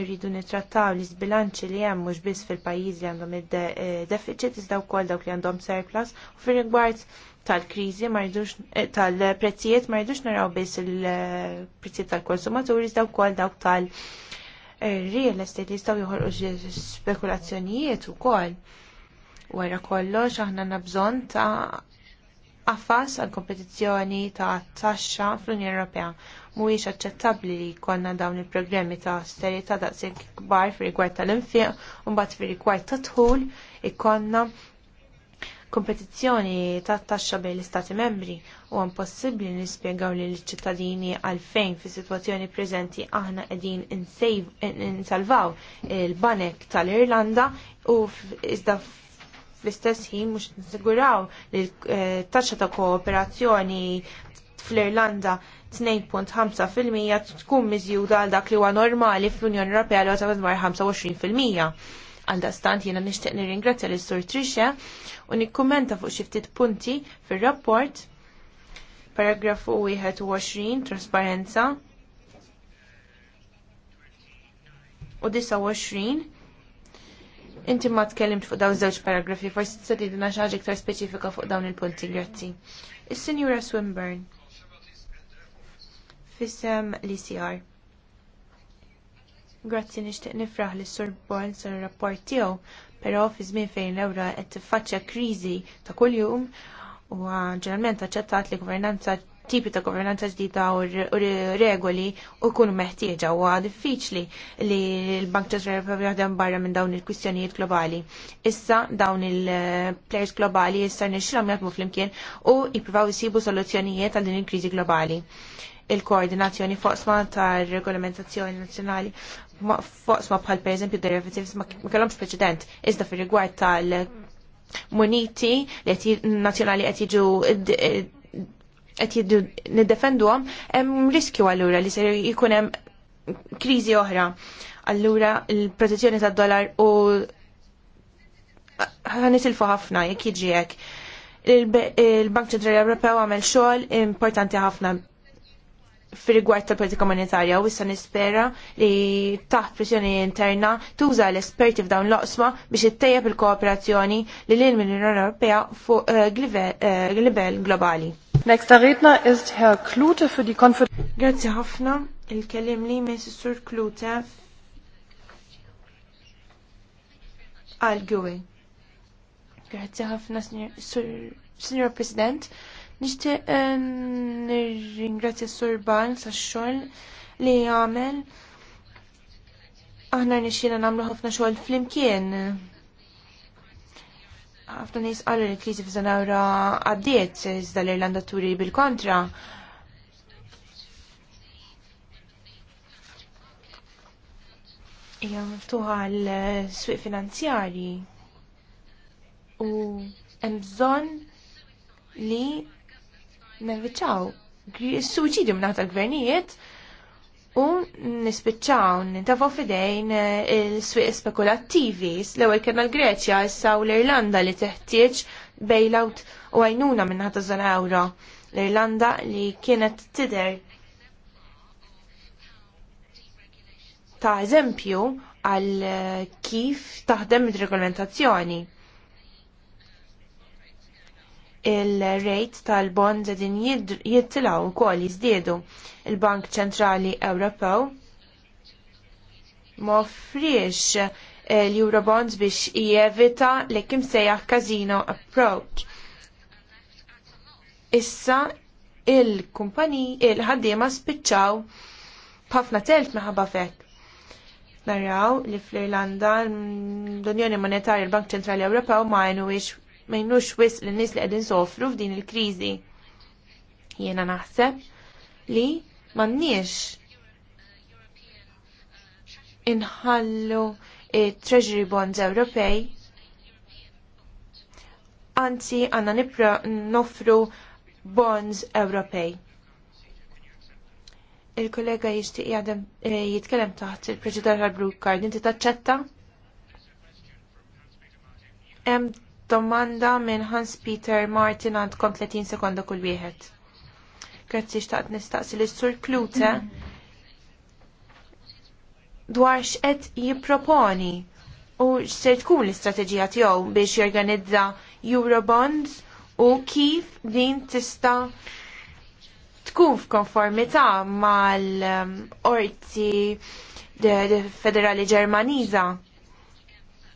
Irridu nittrattaw li sbilanċi li hemm mhux biss fil-pajjiż li għandhom id-deficit eh, iżda wkoll dawk li għandhom surplus u fir-rigward tal-kriżi eh, tal-prezzijiet ma rridux naraw biss il-prezzijiet tal-konsumaturi iżda wkoll dawk tal-real eh, estate li jistgħu joħolqu spekulazzjonijiet ukoll wara kollox aħna nabżon ta' affas għal kompetizzjoni ta' taxxa fl-Unjoni Ewropea. Mhuwiex aċċettabbli li jkollna dawn il-programmi ta' austerità daqshekk kbar fir-rigward tal-infiq u mbagħad fir-rigward ta' dħul ikollna kompetizzjoni ta' taxxa bejn l-Istati membri u għan possibli nispiegaw li l-ċittadini għalfejn fi situazzjoni preżenti aħna edin insalvaw il-banek tal-Irlanda u iżda fl-istess ħin mhux nsiguraw li t-taxxa ta' kooperazzjoni fl-Irlanda 2.5% tkun miżjuda għal dak li huwa normali fl-Unjoni Ewropea li għata madwar 25%. Għal stant, jiena nixtieq nirringrazzja lis sur Trisha u nikkumenta fuq xi ftit punti fir-rapport paragrafu 21 trasparenza u 29 Inti ma tkellimt fuq dawn żewġ paragrafi, forsi t-sadidina xaġi ktar speċifika fuq dawn il-punti, grazzi. Is-Sinjura Swinburne. Fissem l-ICR. Grazzi nixtieq nifraħ li sur Born sur rapport tiegħu, però fi żmien fejn l-ewra qed tiffaċċja kriżi ta' kuljum u ġeneralment aċċettat li gvernanza tipi ta' governanza ġdida u regoli u jkunu meħtieġa u diffiċli li l-Bank ċentrali jaħdem barra minn dawn il-kwistjonijiet globali. Issa dawn il-players globali issa nixilhom jaħdmu flimkien u jippruvaw jisibu soluzzjonijiet għal din il-kriżi globali il-koordinazzjoni foqsma tar regolamentazzjoni nazzjonali foqsma bħal per eżempju derivatives ma kellhomx preċedent iżda fir rigward tal muniti li nazzjonali qed jiġu qed niddefenduhom hemm riskju allura li ser jkun hemm kriżi oħra. Allura l-protezzjoni tad-dollar u ħanitilfu ħafna jekk jiġi hekk. Il-Bank Ċentrali Ewropew għamel xogħol importanti ħafna fil-rigward tal-politika monetarja u issa nispera li taħt pressjoni interna tuża l-esperti f'dawn l-oqsma biex ittejjeb il-kooperazzjoni li l l unjoni Ewropea fuq eh, livell eh, globali. Next redner ist Herr Klute für die Konferenz. Grazie ħafna il-kellim li minn Sur Klute għal Gui. Grazie ħafna, Signor President. Nixtieq eh, nirringrazzja s-Sur Barnes għax-xogħol li għamel. Aħna nixxina nagħmlu ħafna xogħol flimkien. Ħafna nies qalu li kriżi f'żona għaddiet iżda l-Irlanda turi bil-kontra. hija miftuħa l-swiq finanzjari u hemm bżonn li nerviċaw. Suċidju mnaħta l-gvernijiet u nispiċċaw nintafu fidejn eh, il swiq spekulattivi. L-ewwel kena l-Greċja issa u l-Irlanda li teħtieġ bailout u għajnuna minnaħta żona euro. L-Irlanda li kienet tider ta' eżempju għal eh, kif taħdem id-regolamentazzjoni il-rejt tal-bond din jittilaw wkoll jiżdiedu. Il-Bank Ċentrali Ewropew ma offriex eh, l-Eurobonds biex jevita li kim sejjaħ casino approach. Issa il-kumpani il-ħaddiema spiċċaw b'ħafna telf meħabba fekk. Naraw li fl-Irlanda l-Unjoni Monetarja l-Bank Ċentrali Ewropew ma għajnu ma jinnux wis li nies li qegħdin sofru f'din il-kriżi. Jiena naħseb li m'għandniex inħallu treasury bonds Ewropej anzi għanna nipra noffru bonds Ewropej. Il-kollega jishtiq jadem eh, jitkellem taħt il preġidar għal blue Card. Inti taċċetta? domanda minn Hans Peter Martin għandkom 30 sekonda kull wieħed. Grazzi xtaqt nistaqsi li sur Klute dwar x'qed jipproponi u x'se tkun l-istrateġija tiegħu biex jorganizza Eurobonds u kif din tista' tkun f'konformità mal-orti federali Ġermaniża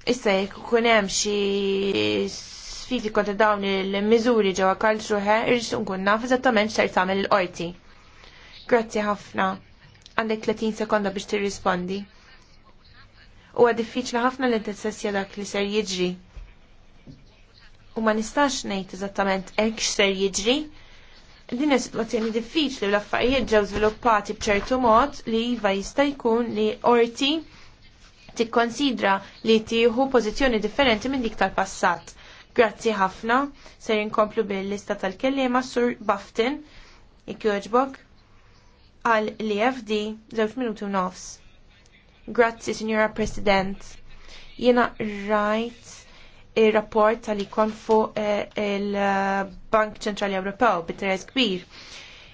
Issa jekk ikun hemm xi sfidi kontra dawn il-miżuri ġewwa ħe, irrid nkun naf eżattament x'ser tagħmel il-qorti. Grazzi ħafna. Għandek 30 sekonda biex tirrispondi. Huwa diffiċli ħafna li tissessja dak li ser jiġri. U ma nistax ngħid eżattament hekk x'ser jiġri. Din hija sitwazzjoni diffiċli u l-affarijiet ġew żviluppati b'ċertu mod li iva jista' jkun li qorti tikkonsidra li tieħu pożizzjoni differenti minn dik tal-passat. Grazzi ħafna, ser inkomplu bil-lista tal kelliema sur Baftin, ikjoġbok, għal li e FD, zewġ minuti u nofs. Grazzi, Signora President. Jena rajt il-rapport tal-ikon fuq eh, il-Bank Ċentrali Ewropew bit kbir.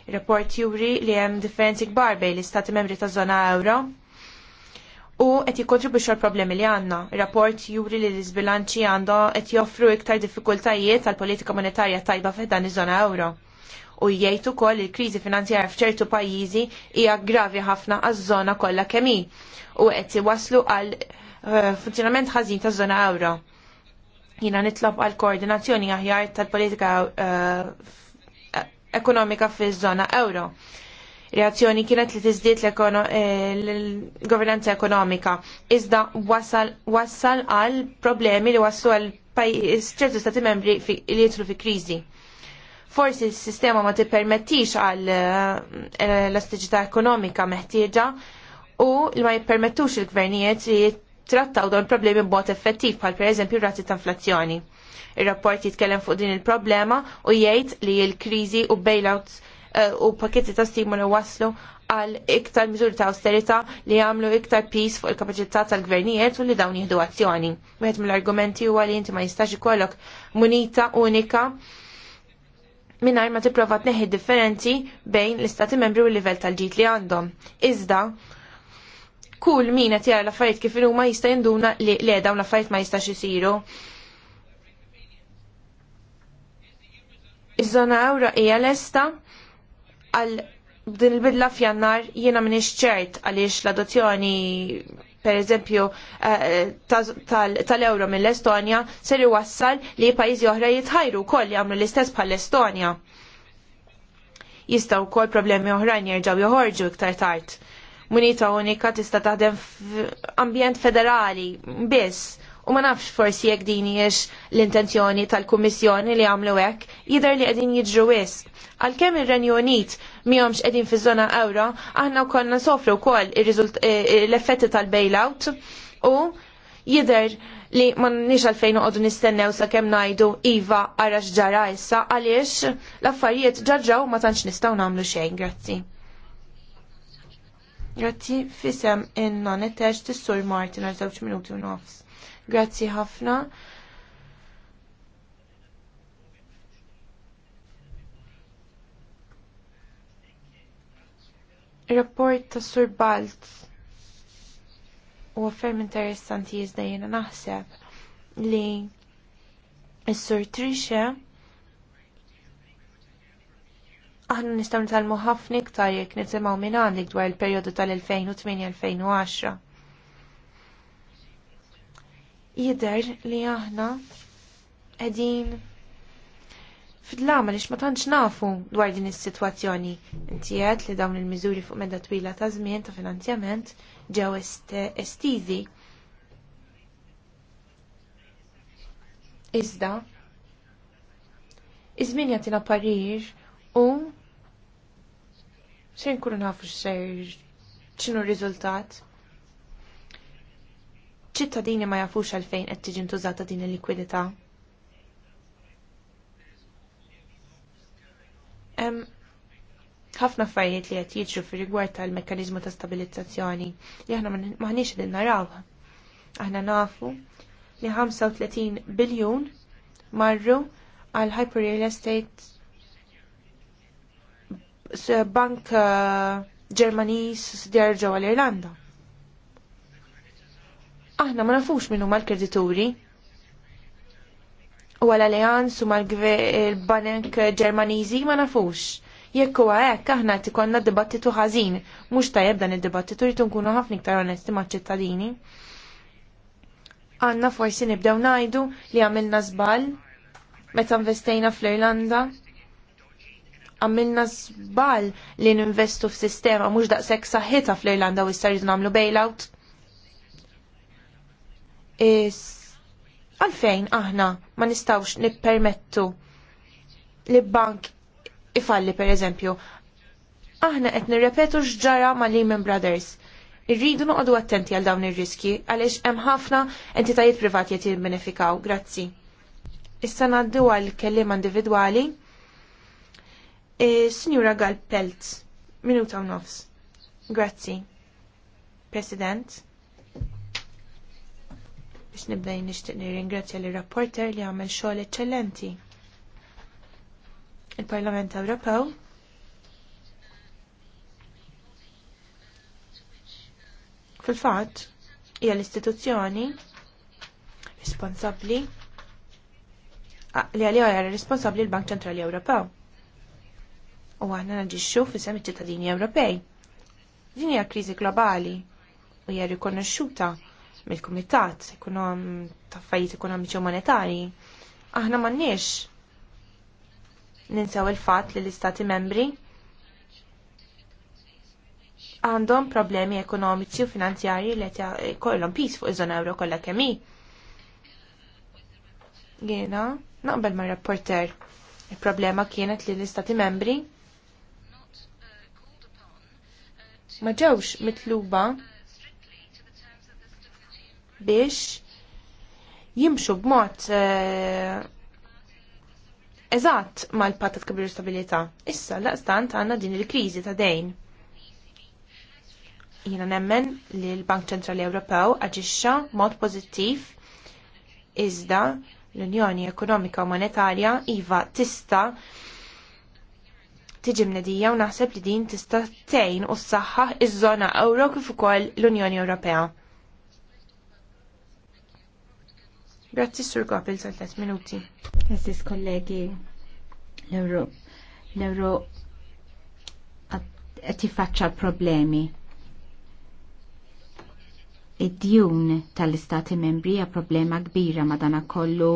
Il-rapport juri li hemm differenzi kbar bejn l-istati membri ta' zona euro u qed jikkontribwixxu għal problemi li għandna. rapport juri li l-iżbilanċi għandha qed joffru iktar diffikultajiet għal politika monetarja tajba f'dan iż-żona euro. U jgħid ukoll li l-kriżi finanzjarja f'ċertu pajjiżi hija gravi ħafna għaż-żona kollha kemm hi u qed waslu għal eh, funzjonament ħażin taż-żona euro. Jiena nitlob għal koordinazzjoni aħjar tal-politika eh, eh, ekonomika fiż-żona euro reazzjoni kienet li tiżdied eh, l-governanza ekonomika. Iżda wassal għal problemi li waslu għal ċertu stati membri li jitlu fi kriżi. Forsi s-sistema ma tippermettix għal l-elastiċità eh, ekonomika meħtieġa u li ma jippermettux il-gvernijiet li trattaw dawn problemi b'mod effettiv bħal eżempju rati ta' inflazzjoni. Ir-rapport jitkellem fuq din il-problema u jgħid li l-kriżi u bailouts Eh, u paketti ta' stimolu waslu għal iktar miżuri ta' austerita li għamlu iktar pis fuq il-kapacità tal-gvernijiet u li dawn jihdu azzjoni. Wieħed mill-argumenti huwa li inti ma jistax ikollok munita unika mingħajr ma tipprova tneħħi differenti bejn l-istati membri u l-livell tal-ġit li għandhom. Iżda, kull min qed jara l-affarijiet kif huma jista' jinduna li le dawn l-affarijiet ma jistax isiru. Iż-żona ewra hija lesta għal din il-bidla f'jannar jiena minix ċert għaliex l-adozzjoni per eżempju eh, eh, tal-euro mill-Estonja ser iwassal li pajjiżi oħra jitħajru wkoll li għamlu l-istess bħall-Estonja. Jistgħu wkoll problemi oħrajn jerġgħu joħorġu iktar tard. Munita unika tista' taħdem f'ambjent federali biss U ma nafx forsi jekk din hijiex l-intenzjoni tal-Kummissjoni li għamlu hekk, jidher li qegħdin jiġru wisq. Għalkemm ir-Renju Unit miehomx qegħdin fiż-żona ewro, aħna konna sofru wkoll eh, eh, l-effetti tal-bailout u jidher li ma nix għalfejn noqogħdu nistennew sa kem najdu Iva għarax ġara issa għaliex l-affarijiet ġarġaw ma tantx nistaw namlu xejn, grazzi. Grazzi, fisem in non-etex sur Martin għal żewġ minuti u nofs. Grazzi ħafna. Rapport ta' Sur Balt u ferm interessanti jizda jena naħseb li s-Sur Trisha aħna nistaw tal ħafna iktar jekk nisimgħu minn dwar il-perjodu tal-2008-2010 jider li aħna edin fidlama lama li ma tantx nafu dwar din is-sitwazzjoni. Inti għed li dawn il-miżuri fuq medda twila ta' żmien ta' finanzjament ġew estiżi. Iżda, iż-żmien jagħtina parir u se nkunu nafu x'ser x'inhu r-riżultat ċittadini ma jafux għalfejn qed tiġi ntużata din il-likwidità. Hemm ħafna affarijiet li qed jiġru fir-rigward tal-mekkaniżmu ta' stabilizzazzjoni li aħna maħniex qegħdin naraw. Aħna nafu li 35 biljun marru għal hyper real estate bank Ġermaniż sidjar ġewwa l-Irlanda aħna ma nafux minn huma l-kredituri. U għal alleanz u mal-banek ġermaniżi ma nafux. Jekk huwa hekk aħna qed ikollna dibattitu ħażin, mhux tajjeb dan id-dibattitu jrid nkunu ħafna iktar onesti maċ-ċittadini. Għanna forsi nibdew ngħidu li għamilna żball meta investejna fl-Irlanda għamilna zbal li ninvestu f-sistema mux daqsek fl-Irlanda u jistar namlu bailout għalfejn aħna ma nistawx nippermettu li bank ifalli per eżempju. Aħna qed nirrepetu x'ġara ma' Lehman Brothers. Irridu noqogħdu attenti għal dawn ir-riski għaliex hemm ħafna entitajiet privati qed jibbenefikaw. Grazzi. Issa ngħaddu għal kelliem individwali. Sinjura e, Signora Galpelt, minuta u nofs. Grazzi. President biex nibda nixtieq nirringrazzja li rapporter li għamel xogħol eċċellenti. Il-Parlament Ewropew fil-fatt hija l-istituzzjoni responsabbli li għalija għara responsabbli l-Bank Ċentrali Ewropew. U għahna naġiċu fissem iċ ċittadini Ewropej. Din hija kriżi globali u hija rikonoxxuta mill-Kumitat ekonom taffajiet ekonomiċi u monetari, aħna m'għandniex ninsew il-fatt li l-Istati membri għandhom problemi ekonomiċi u finanzjarji li għetja jkollhom pis fuq iż-żona euro kollha kemm hi. naqbel mar-rapporter. Il-problema kienet li l-Istati membri ma ġewx mitluba biex jimxu b'mod eh, eżatt mal-patat kabir stabilità. Issa, laqstant għanna din il-krizi ta' dejn. Jina nemmen li l-Bank Ċentrali Ewropew aġixxa mod pożittiv iżda l-Unjoni Ekonomika u Monetarja iva tista' tiġi mnedija u naħseb li din tista' tejn u s-saħħa iż-żona euro kif ukoll l-Unjoni Ewropea. Grazzi Sur Gopil tal 3 minuti. Grazzi kollegi l-Euro. L-Euro qed jiffaċċa problemi. Id-djun tal-istati membri hija problema kbira kollu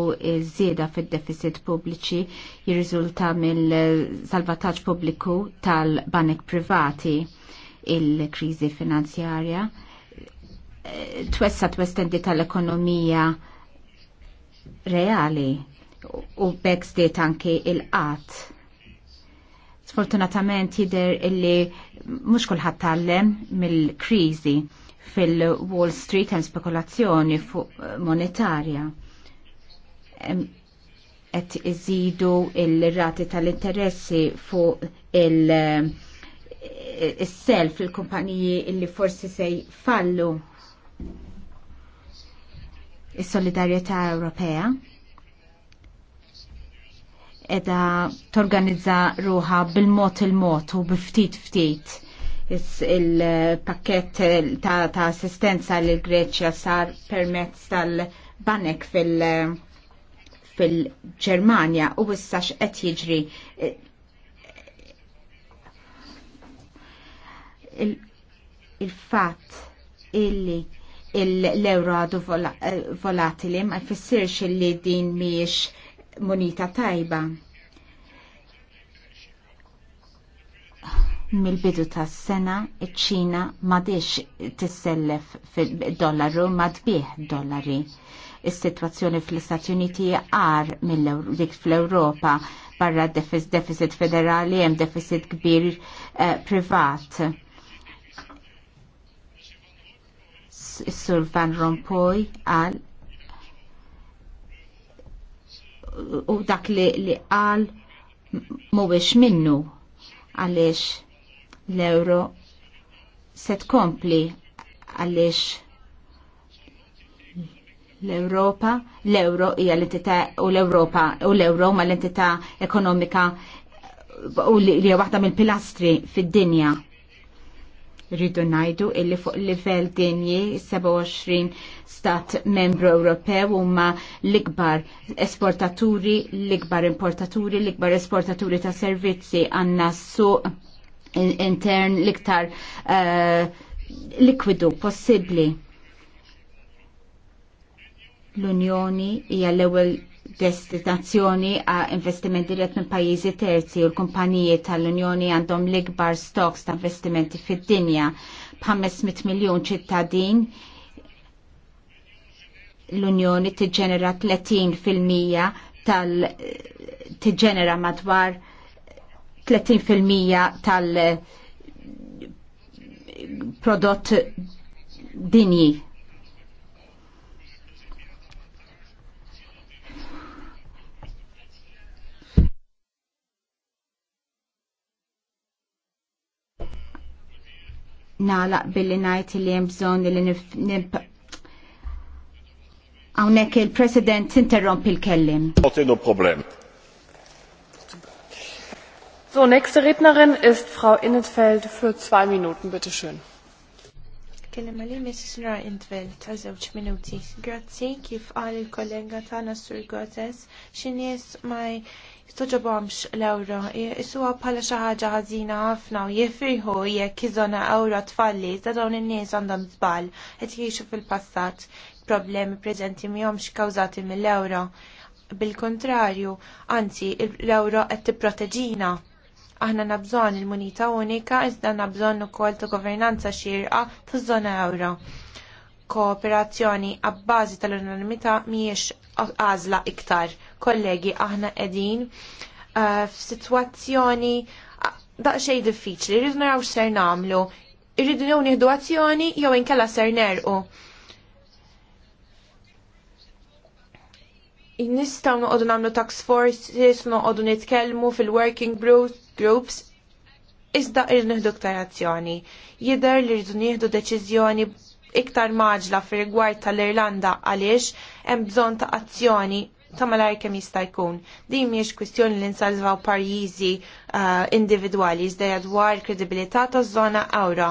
żieda fid-deficit pubbliċi jirriżulta mill-salvataġġ pubbliku tal-banek privati il-kriżi finanzjarja. Twessa twestendi tal-ekonomija reali u bekk stiet anki il-qat. Sfortunatament jider illi mux kullħat tallem mill-krizi fil-Wall Street hemm spekulazzjoni monetarja. Et iżidu il-rati tal-interessi fuq il-self eh, il-kumpaniji illi forsi sej fallu is-Solidarjetà Ewropea edha torganizza ruħa bil-mod il-mod u biftit ftit il-pakket ta, ta' assistenza l greċja sar permezz tal-banek fil- fil-Germania u issa x'qed jiġri il-fatt il illi l ewra għadu volatili ma jfissirx li din miex munita tajba. Mill-bidu tas sena iċ-Ċina m'għadix tissellef fil-dollaru ma tbieħ dollari. Is-sitwazzjoni fl-Istati Uniti għar mill-dik fl-Ewropa barra deficit federali hemm deficit kbir eh, privat Sur Van Rompuy għal u dak li, li għal mhuwiex minnu għaliex l-euro se tkompli għaliex l-Europa, l-Euro hija l-entità u l-Europa u l-Euro ma l-entità ekonomika u li hija waħda mill-pilastri fid-dinja Rridu najdu illi fuq livell dinji 27 stat membru Ewropew huma l-ikbar esportaturi, l-ikbar importaturi, l-ikbar esportaturi ta' servizzi għanna suq intern l-iktar uh, likwidu possibbli. L-Unjoni hija l-ewwel destinazzjoni għal investimenti dirett minn pajjiżi terzi u l-kumpaniji tal-Unjoni għandhom l-ikbar stoks ta' investimenti fid-dinja b'500 miljun ċittadin l-Unjoni tiġġenera 30% fil-mija tal tiġġenera madwar 30% fil-mija tal prodott dinji nalaq billi najt li jemżon li nip għawnek il-president interromp il-kellim. problem. So, nächste Rednerin ist Frau Innetfeld für zwei Minuten, bitte schön. Kellem għalim jessisra Intveld ta' żewġ minuti. Grazzi kif għalli il-kollega tagħna Sur Gotes xi nies ma toġobomx l-ewro, jiswa bħala xi ħaġa ħażina ħafna u jifriħu jekk kizona ewro tfalli, iżda dawn in-nies għandhom żball qed jgħixu fil-passat problemi preżenti mihomx kawżati mill-ewro. Bil-kontrarju, anzi l-ewro qed tipproteġina. Aħna nabżon il-munita unika iżda nabżon ukoll ta' governanza xirqa taż-żona ewro. Kooperazzjoni għabbażi tal-unanimità mhijiex għażla iktar kollegi, aħna qegħdin uh, f'sitwazzjoni uh, daqsxejn diffiċli, rridu naraw x'ser nagħmlu, irridu naraw nieħdu azzjoni jew inkella ser nerqu. Nistaw noqogħdu nagħmlu tax forces, noqogħdu nitkellmu fil-working groups, iżda rridu nihdu iktar azzjoni. Jidher li rridu nieħdu deċiżjoni iktar maġla fir rigward tal-Irlanda għaliex hemm bżonn ta' azzjoni ta' malar kem jista' jkun. Din miex kwistjoni li nsalvaw pajjiżi uh, individwali, iżda dwar kredibilità ta' zona awra,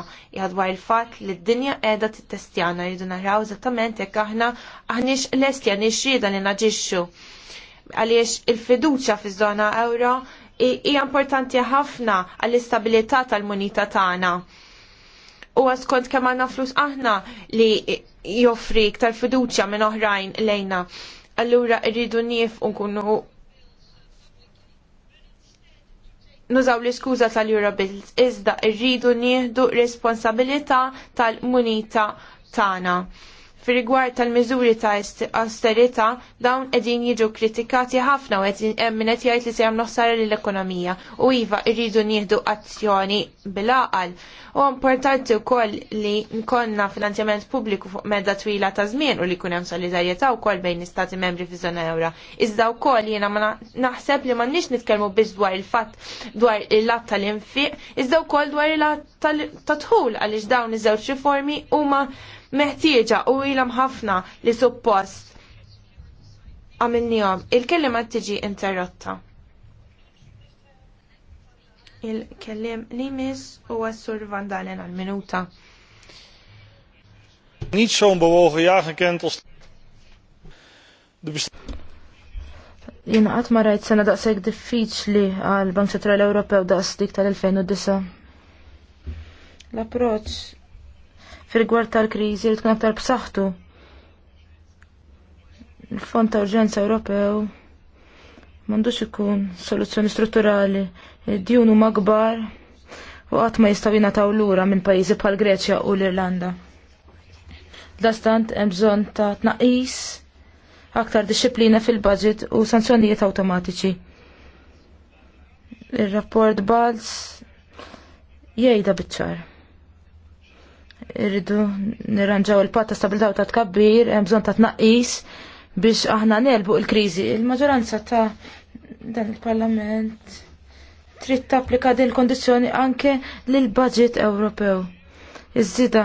dwar il-fat li d-dinja edha t-testjana, jridu naraw eżattament jekk aħna aħniex lesti għaniex rieda li naġixxu. Għaliex il-fiduċa fi zona awra hija importanti ħafna għall-istabilità tal-munita tagħna. U għaskont kemm għandna flus aħna li joffri iktar fiduċja minn oħrajn lejna allura rridu nif unkunu nużaw l-iskuża tal-Eurobills, iżda rridu nieħdu responsabilità tal-munita tagħna. Fi rigward tal-miżuri ta' austerita, dawn qegħdin jiġu kritikati ħafna u edin hemm min qed jgħid li se jagħmlu ħsara lill-ekonomija u iva rridu nieħdu azzjoni bil-aqal. U importanti wkoll li nkollna finanzjament pubbliku fuq medda twila ta' żmien u li jkun hemm solidarjetà wkoll bejn l-istati membri fi zona ewra. Iżda wkoll jiena ma naħseb li m'għandniex nitkellmu biss dwar il-fatt dwar il-lat tal-infiq, iżda wkoll dwar il-lat ta' tħul għaliex dawn iż-żewġ riformi huma meħtieġa u ilhom ħafna li suppost għamilnijom. il kellima tiġi interrotta. il kellim li miss u għassur sur Vandalen għal-minuta. Niet zo'n bewogen jaar gekend als de bestuur jina għat marajt sena daqseg diffiċli għal Bank Centrali Ewropew daqs dik tal-2009. l fil-gwar tal-kriżi li tkun aktar b'saħħtu. Il-Fond ta' Urġenza Ewropew m'għandux ikun soluzzjoni strutturali, id-djun huma kbar u qatt ma jistgħu jingħataw lura minn pajjiżi bħal Greċja u l-Irlanda. Dastant hemm bżonn ta' tnaqqis aktar disċiplina fil-budget u sanzjonijiet awtomatiċi. Ir-rapport Balz jgħida biċ-ċar irridu nirranġaw il-pat ta' stabilta' ta' tkabbir, hemm bżonn ta' tnaqqis biex aħna nelbu il-kriżi. Il-maġoranza ta' dan il-Parlament trid tapplika din il-kondizzjoni anke lil budget Ewropew. Iż-żida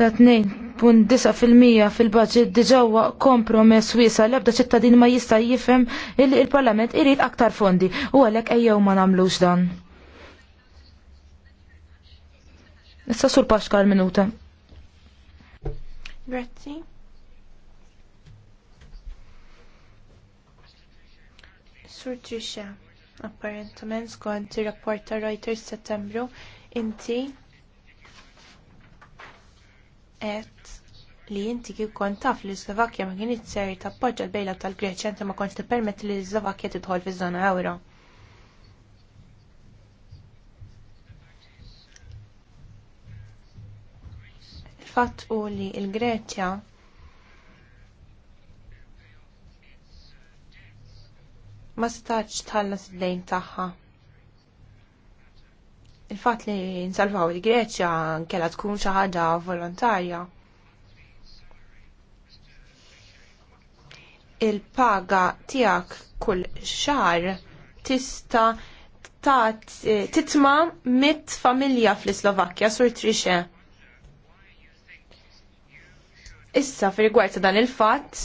ta' 2.9% fil-budget diġawa kompromess wiesa l-ebda ċittadin ma jista' jifhem il-Parlament irid aktar fondi u għalhekk ejjew ma nagħmlux dan. Issa sur Paxka l-minuta. Grazzi. Sur Trisha, apparentament skont ir rapporta Reuters Settembru, inti et li inti kif kont taf li Slovakkja ma kienx ser tappoġġa l-bejla tal-Greċja inti ma kontx tippermetti li Slovakkja tidħol fiż-żona euro. fatt u li il-Greċja ma stax tħallas id-dejn tagħha. Il-fatt li nsalvaw il-Greċja kella tkun xi ħaġa volontarja. Il-paga tiegħek kull xar tista' titma mit familja fl-Slovakkja sur trixe. Issa fi rigward ta' dan il-fatt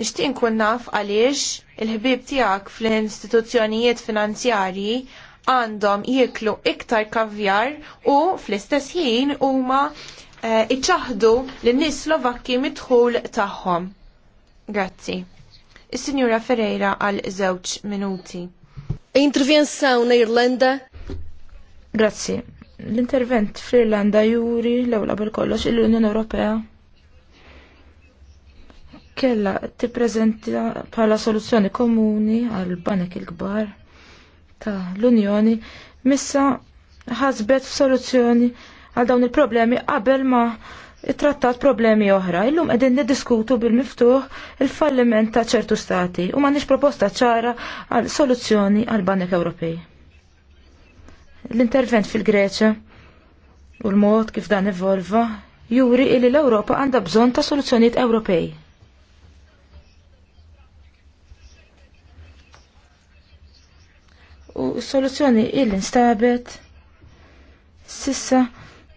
nixtieq nkun naf għaliex il-ħbieb tiegħek fl-istituzzjonijiet finanzjarji għandhom jieklu iktar kavjar u fl-istess ħin huma eh, iċaħdu lin-nies Slovakki mid-dħul tagħhom. Grazzi. Is-Sinjura Ferreira għal żewġ minuti. Intervjenzaw na Irlanda. Grazzi. L-intervent fl-Irlanda juri l-ewla bil-kollox l-Unjoni Ewropea kella tippreżenta bħala soluzzjoni komuni għal banek il-kbar ta' l-Unjoni missa ħasbet f'soluzzjoni għal dawn il-problemi qabel ma trattat problemi oħra. Illum qegħdin niddiskutu bil-miftuħ il-falliment ta' ċertu stati u m'għandniex proposta ċara għal soluzzjoni għal banek Ewropej. L-intervent fil-Greċa u l-mod kif dan evolva juri illi l-Ewropa għandha bżonn ta' soluzzjonijiet Ewropej. U s-soluzzjoni illi nstabet sissa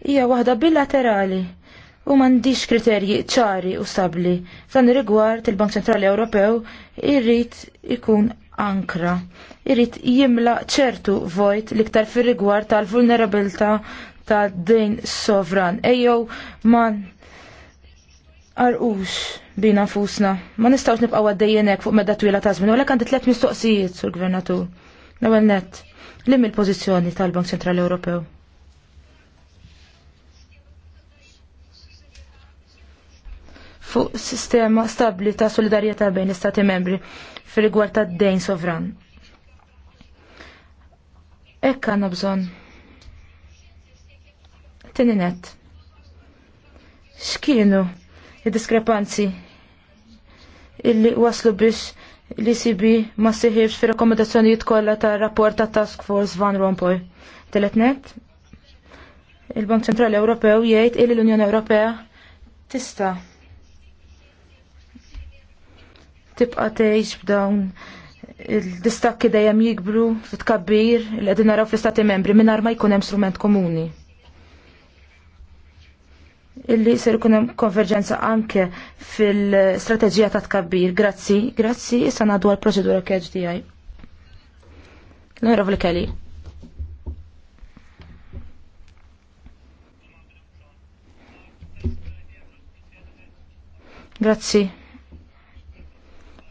hija waħda bilaterali u m'għandix kriterji ċari u stabli. F'dan ir-rigward il-Bank Ċentrali Ewropew irrid ikun ankra irrit jimla ċertu vojt liktar fir rigward tal-vulnerabilta ta' dejn sovran. Ejjew ma arqux bina fusna. Ma nistawx nibqaw għaddejjenek fuq medda twila ta' żmien, għalhekk għandit let mistoqsijiet sur gvernatur. Nawel net, lim il-pożizzjoni tal-Bank Centrali Ewropew. fuq sistema stabli ta' solidarjetà bejn l istati membri fil-rigward tad dejn sovran. Ekk għanna bżon. Tininet. X'kienu il diskrepanzi illi waslu biex li sibi ma siħibx fi rekomendazzjonijiet kollha ta' rapport ta' Task Force Van Rompuy. Teletnet, il-Bank Ċentrali Ewropew jgħid illi l-Unjoni Ewropea tista' tibqa' tgħix b'dawn il-distakki dejjem jikbru fit-tkabbir li qegħdin naraw fl-istati membri mingħajr ma jkun hemm strument komuni. Illi ser ikun hemm konverġenza anke fil-strateġija ta' tkabbir. Grazzi, grazzi, issa ngħaddu għall-proċedura KHDI. L-Onorevoli Kelly. Grazzi.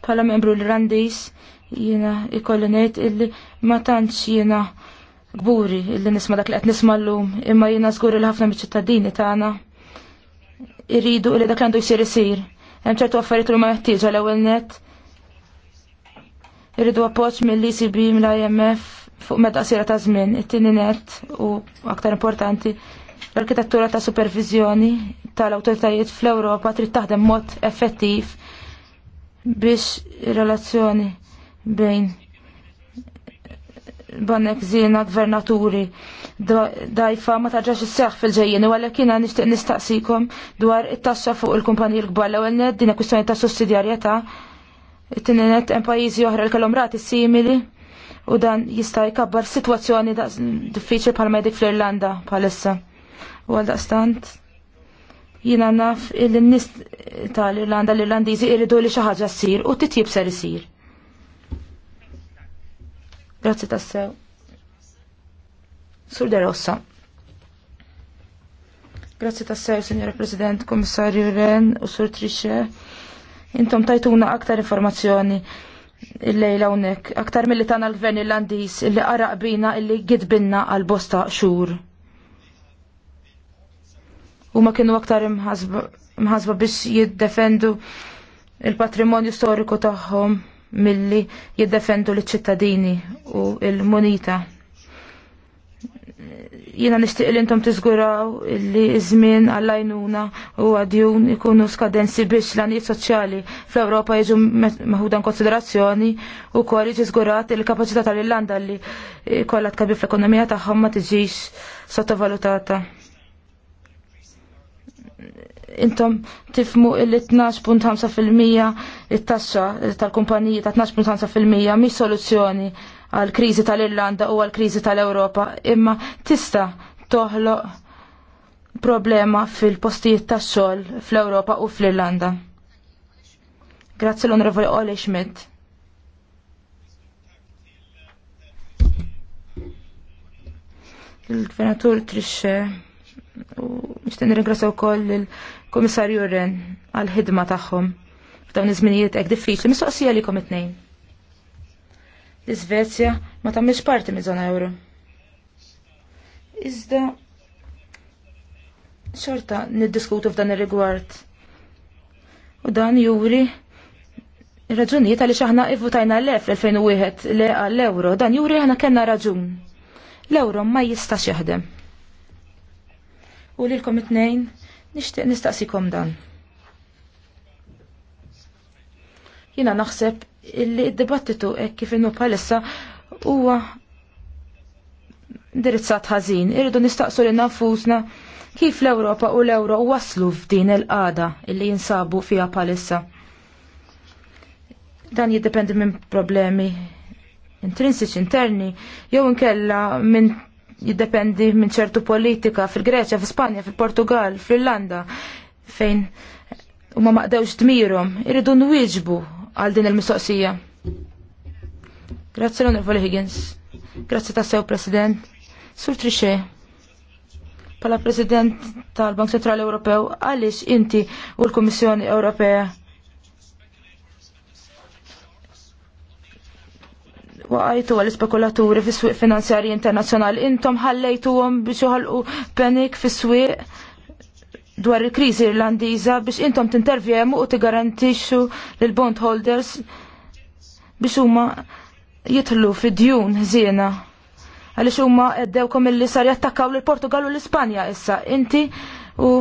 Pala membru l-Randis, Jiena ikolli ngħid illi ma tantx jiena gburi illi nisma' dak li qed nisma' llum, imma jiena żgur il ħafna miċ-ċittadini tagħna irridu illi dak li għandu jsir isir. Hemm ċertu affarijiet li ma jeħtieġu l-ewwel net. Irridu appoġġ mill-ECB mill-IMF fuq meta qasira ta' żmien, it-tieni net u aktar importanti l-arkitettura ta' supervizjoni tal-awtoritajiet fl-Ewropa trid taħdem mod effettiv biex ir relazzjoni bejn banek zina gvernaturi dajfa ma taġġax s seħ fil-ġejjeni u għalhekk jiena nixtieq nistaqsikom dwar it-taxxa fuq il kumpani l-kbar l-ewwel ned din kwistjoni ta' sussidjarjetà it-tieni ned hemm pajjiżi oħra li kellhom rati simili u dan jista' jkabbar sitwazzjoni diffiċli bħal medik fl-Irlanda bħalissa. U għal stant jiena naf il nist tal-Irlanda l-Irlandiżi irridu li xi ħaġa ssir u titjib ser isir. Grazzi tassew. Sur De Rossa. Grazzi tassew, Signora President, Commissario Ren u Sur Trisce. Intom tajtuna aktar informazzjoni il-lejla unek, aktar mill-li l-gvern irlandiż illi qaraq bina illi gidbinna għal bosta xur. U ma kienu aktar imħasba biex jiddefendu il-patrimonju storiku tagħhom milli jiddefendu l-ċittadini u l-munita. Jiena nixtieq li intom tiżguraw li żmien għall u għadjun ikunu skadensi biex l-għanijiet soċjali fl-Ewropa jiġu maħudan konsiderazzjoni u kol jiġi żgurat il-kapaċità tal-Irlanda li kollha tkabi fl-ekonomija tagħhom ma tiġix sottovalutata intom tifmu il-12.5% il taxxa tal-kumpaniji ta' 12.5% mi soluzzjoni għal kriżi tal-Irlanda u għal kriżi tal-Ewropa, imma tista' toħloq problema fil-postijiet tax-xogħol fl-Ewropa u fl-Irlanda. Grazzi l-Onorevoli Ole Schmidt. Il-Gvernatur Trixxe u ringrazzaw koll wkoll Komissarju Ren għal-ħidma tagħhom f'dawn iż-żminijiet hekk diffiċli mistoqsija likom it-tnejn. L-Iżvezja ma tagħmilx parti miż-żona euro. Iżda xorta niddiskutu f'dan ir-rigward. U dan juri raġunijiet għaliex aħna ivvutajna le fl-2001 le għall-euro, dan juri aħna kellna raġun. L-euro ma jistax jaħdem. U lilkom it-tnejn Nixtieq nistaqsikom dan. Jiena naħseb illi id-dibattitu hekk kif innu bħalissa huwa indirizzat ħażin. Irridu nistaqsu li nafusna kif l-Ewropa u l-Euro waslu f'din il-qada illi jinsabu fiha bħalissa. Dan jiddependi minn problemi intrinsiċi interni jew inkella minn jiddependi minn ċertu politika fil-Greċja, fil-Spanja, fil-Portugal, fil-Irlanda, fejn u ma maqdewx dmirhom, irridu nwieġbu għal din il-mistoqsija. Grazzi l-Onorevoli Higgins. ta tassew President. Sur Trixie pala President tal-Bank Centrali Ewropew, għaliex inti u l komissjoni Ewropea waqajtu għal spekulaturi fis swieq finanzjari internazzjonali intom ħallejtuhom biex joħolqu panik fis swieq dwar il-kriżi irlandiża biex intom tintervjemu u tigarantixxu lil bondholders biex huma jitlu fi djun żiena għaliex huma għeddewkom illi sar jattakkaw lil Portugal u l-Ispanja issa inti u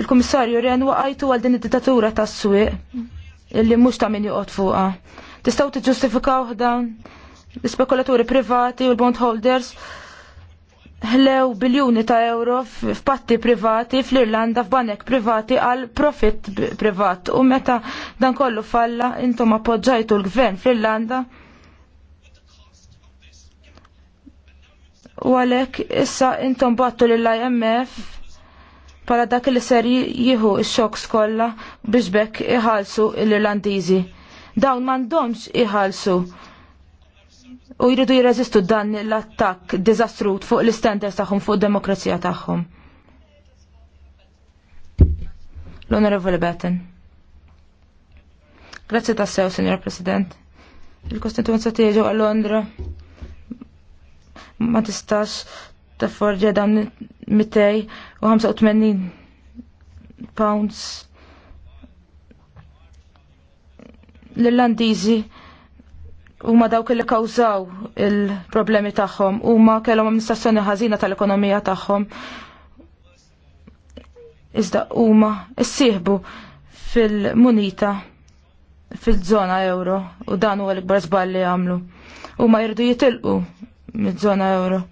il-Kummissarju Ren waqajtu għal din id-dittatura tas-swieq illi mhux ta' min joqgħod fuqha Tistgħu tiġġustifikaw dan l-spekulaturi privati u l-bondholders ħlew biljuni ta' euro f'patti privati fl-Irlanda f'banek privati għal profit privat. U meta dan kollu falla intom appoġġajtu l-gvern fl-Irlanda u għalek issa intom battu l-IMF pala dak li ser jieħu il-xoks kolla biex bekk iħalsu l-Irlandizi dawn m'għandhomx iħallsu u jridu jirreżistu dan l-attakk diżastrut fuq l istenders tagħhom fuq id-demokrazija tagħhom. L-Onorevoli Batten. Grazzi tassew, Signor President. Il-Kostituenza tiegħu għal Londra ma tistax ta' tafforġa dawn 85 pounds l-Irlandiżi huma dawk li kawżaw il-problemi tagħhom, huma kellhom amministrazzjoni ħażina tal-ekonomija tagħhom. Iżda huma issieħbu fil-munita fil-żona euro u dan huwa l-ikbar żball li għamlu. Huma jridu jitilqu miż-żona euro.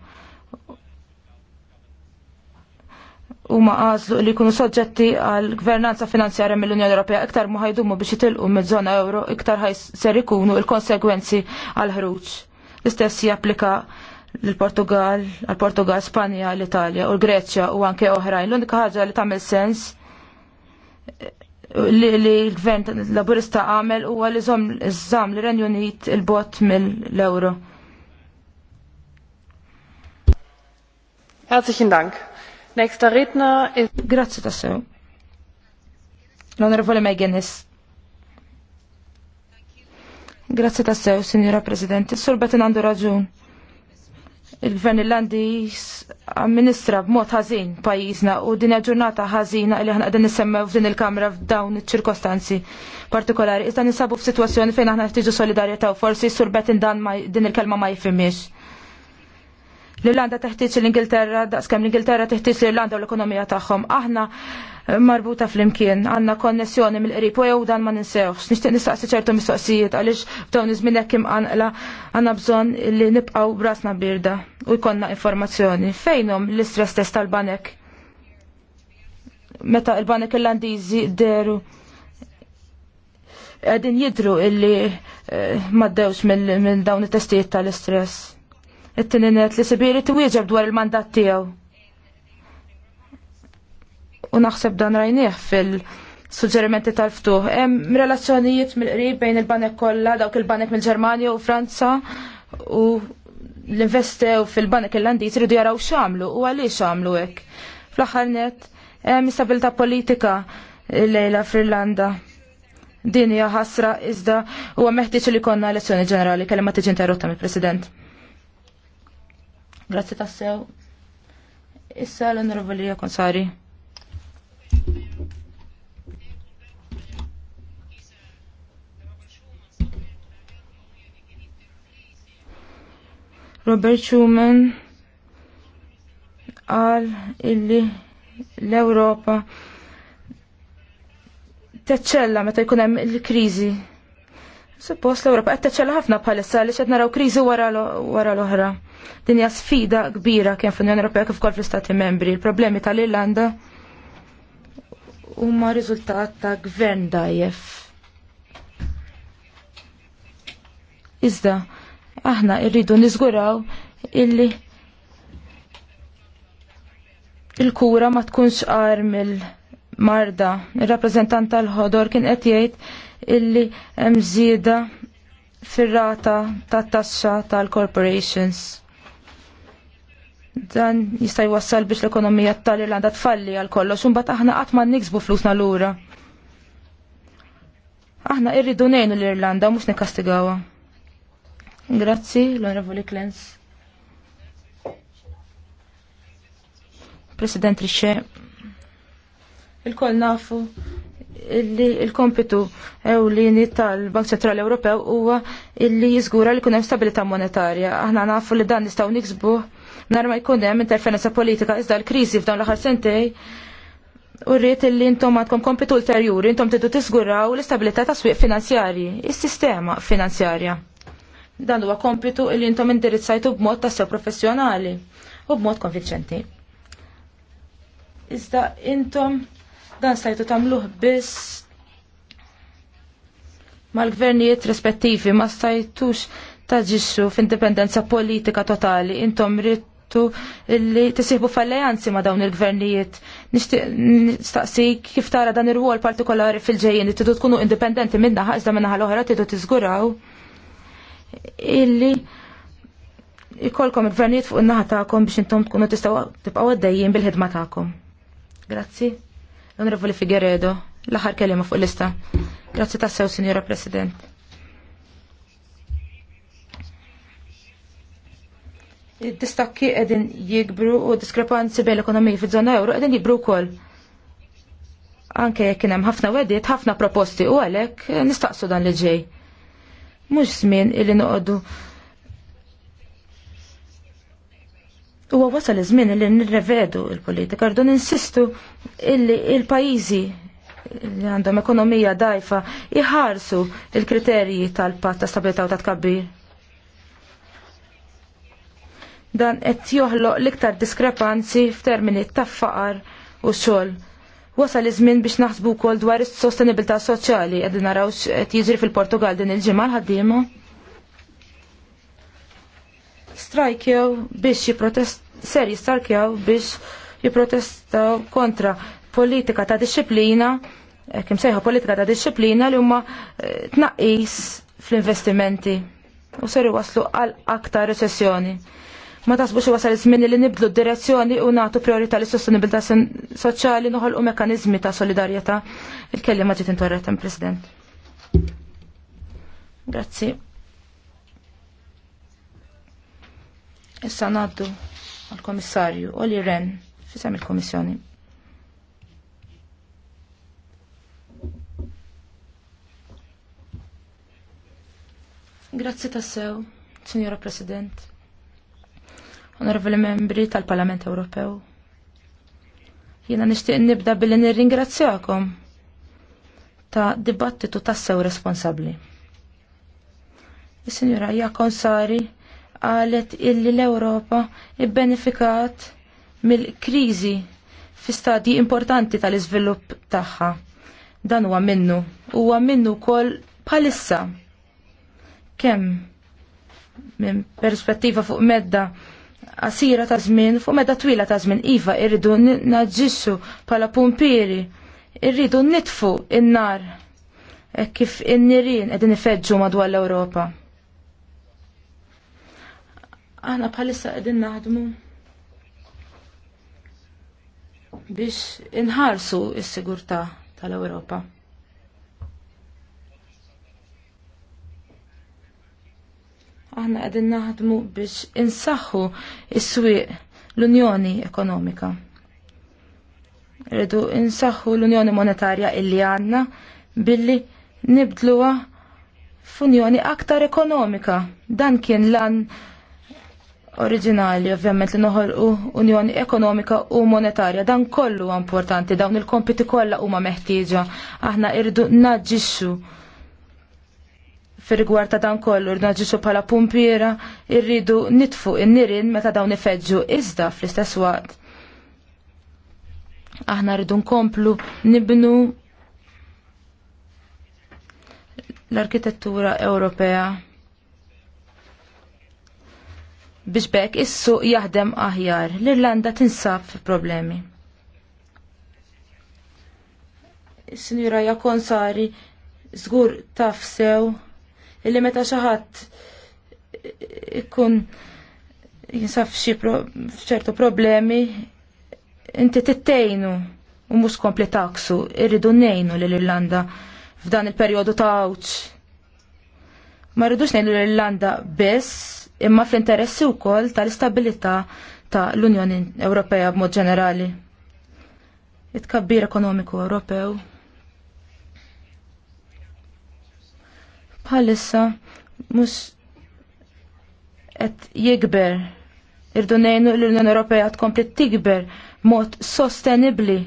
huma għażlu li jkunu soġġetti għal gvernanza finanzjarja mill-Unjoni Ewropea iktar ma ħajdumu biex jitilqu miż-żona euro iktar ser ikunu l-konsegwenzi għal ħruġ. L-istess japplika l-Portugal, għal-Portugal, Spanja, l-Italja u l-Greċja u anke oħrajn. L-unika ħaġa li tagħmel sens li l-gvern laburista għamel u għal iżom li Renju Unit il-bot mill-euro. Herzlichen Dank. Next ritna is... Grazzi tassew. l Meganis. Signora President. Sur Betin għandu raġun. Il-Gvern Irlandis amministra b'mod ħażin pajjiżna u din ġurnata ħażina li aħna qegħdin nisemmew f'din il-Kamra f'dawn iċ-ċirkostanzi partikolari. Iżda nisabu f'sitwazzjoni fejn aħna nħtiġu solidarjetà u forsi sur Betin dan din il-kelma ma jifhimiex. L-Irlanda teħtieġ l-Ingilterra, daqskemm l-Ingilterra teħtieġ l-Irlanda u l-ekonomija tagħhom. Aħna eh, marbuta fl-imkien, għandna konnessjoni mill-qrib u jew dan ma ninsewx. Nixtieq nistaqsi ċertu mistoqsijiet għaliex f'dawn iż-żmien hekk imqanqla għandna bżonn li nibqgħu brasna birda u jkollna informazzjoni. Fejnhom l-istress test tal-banek? Meta l-banek Irlandiżi deru għedin jidru illi eh, maddewx minn dawn it-testijiet tal-istress it-tininet li sibiri t-wieġeb dwar il-mandat tijaw. U naħseb dan rajniħ fil-suġġerimenti tal-ftuħ. Hemm relazzjonijiet mill-qrib bejn il-banek kollha dawk il-banek mill-Ġermanja u Franza u l-investew fil-banek il-landi iridu jaraw x'għamlu u għaliex għamlu hekk. Fl-aħħar net hemm istabilità politika lejla fil irlanda din hija ħasra iżda huwa meħtieġ li konna elezzjoni ġenerali kelli ma tiġi interrotta mill-President. Grazzi tassew. Issa l-onorevoli Konsari. Robert Schumann qal illi l-Ewropa teċċella meta jkun hemm il-kriżi Suppost l europa qed teċċella ħafna bħalissa li qed naraw kriżi wara l-oħra. Din hija sfida kbira kemm fl-Unjoni Ewropea kif ukoll fl-Istati Membri. Il-problemi tal-Irlanda huma riżultat ta' gvern dajjef. Iżda, aħna rridu niżguraw illi il-kura ma tkunx qar mill-marda. Ir-rappreżentant tal-ħodor kien qed jgħid illi hemm żieda fir-rata tat-taxxa tal-corporations. Dan jista' jwassal biex l-ekonomija tal-Irlanda tfalli għal kollox u mbagħad aħna qatt ma niksbu flusna lura. Aħna irridu ngħinu l-Irlanda mhux nikkastigawha. Grazzi, l-Onorevoli Clens. President Rixe, il-koll nafu illi il-kompitu ewlieni tal-Bank Ċentrali Ewropew huwa illi jiżgura li jkun hemm stabilità monetarja. Aħna nafu li dan nistgħu niksbuh nhar ma jkun hemm interferenza politika iżda l-kriżi f'dawn l-aħħar sentej u rrit illi intom għadkom kompitu ulterjuri intom tiddu tiżguraw l-istabilità ta' swieq finanzjarji, is-sistema finanzjarja. Dan huwa kompitu li intom indirizzajtu b'mod ta' sew professjonali u b'mod konvinċenti. Iżda intom Dan stajtu tagħmluh biss mal-gvernijiet rispettivi ma stajtux taġixxu f'indipendenza politika totali. Intom rittu li tisieħbu f'alleanzi ma dawn il-gvernijiet. nistaqsi kif tara dan ir-rwol partikolari fil-ġejjien li tidu tkunu indipendenti minna ħażda minna ħal-oħra tidu tiżguraw illi ikolkom il-gvernijiet fuq in-naħa tagħkom biex intom tkunu tistgħu tibqgħu għaddejjin bil-ħidma tagħkom. Grazzi. Onorevoli Figueredo, l-aħħar kelima fuq lista. Grazzi tassew, Signora President. Distakki edin jikbru u diskrepanzi bejn l-ekonomiji fi zona euro edin jikbru kol. Anke jekk hemm ħafna wedit, ħafna proposti u għalhekk nistaqsu dan li ġej. Mhux żmien illi noqogħdu Huwa wasal iż-żmien li nirrevedu l-politika rdu ninsistu illi il-pajjiżi li għandhom ekonomija dajfa iħarsu il-kriterji tal-patt ta' stabilità u ta' tkabbir. Dan qed joħloq l-iktar diskrepanzi f'termini ta' faqar u xogħol. Wasal iż-żmien biex naħsbu wkoll dwar is-sostenibilità soċjali qegħdin naraw qed jiġri fil-Portugal din il-ġimgħa l-ħaddiema strajkjaw biex jiprotest, ser jistarkjaw biex jiprotestaw kontra politika ta' disciplina, eh, kim sejħa politika ta' disciplina li huma eh, tnaqqis fl-investimenti u ser waslu għal aktar recessjoni. Ma tasbux wasal iż li nibdlu d-direzzjoni u nagħtu priorità li sostenibilità soċjali noħolqu mekkaniżmi ta' solidarjetà. Il-kelliema ġiet intorret President. Grazzi. Issa naddu għal-komissarju Oli Ren fisem il-komissjoni. Grazzi tassew, Signora President, Onorevoli Membri tal-Parlament Ewropew. Jiena nixtieq nibda billi nirringrazzjakom ta' dibattitu tassew responsabbli. is Signora, Jakon Sari qalet illi l-Ewropa ibbenefikat mill-kriżi fi stadji importanti tal-iżvilupp tagħha. Dan huwa minnu, huwa minnu wkoll bħalissa. Kemm minn perspettiva fuq medda qasira ta' żmien, fuq medda twila ta' żmien iva irridu naġġissu bħala pumpieri, irridu nitfu in-nar e kif in-nirien qegħdin ifeġġu madwar l-Ewropa. Aħna bħalissa qegħdin naħdmu biex inħarsu s-sigurtà tal-Ewropa. Aħna qegħdin naħdmu biex insaħħu s-swieq l-Unjoni Ekonomika. Rridu insaħħu l-Unjoni Monetarja illi għandna billi nibdluha f'unjoni aktar ekonomika. Dan kien lan oriġinali, ovvjament li noħolqu Unjoni Ekonomika u Monetarja. Dan kollu importanti, dawn il-kompiti kollha huma meħtieġa. Aħna irdu naġġixxu fir-rigward ta' dan kollu irdu naġġixxu bħala pumpiera, irridu nitfu n nirien meta dawn ifeġġu iżda fl-istess waqt. Aħna rridu nkomplu nibnu l-arkitettura Ewropea biex bekk issu jaħdem aħjar. L-Irlanda tinsab problemi. Is-Sinjura Jakon Sari żgur taf sew illi meta xi ikkun ikun f'ċertu ċertu problemi inti tittejnu u mhux kompli taksu irridu ngħinu l Irlanda f'dan il-perjodu ta' awċ. Ma rridux nejnu l-Irlanda biss imma fl-interessi wkoll tal istabilita ta' l-Unjoni Ewropea b'mod ġenerali. it ekonomiku Ewropew. Palissa, mhux qed jikber irdu ngħinu l-Unjoni Ewropea tkompli tikber mod sostenibbli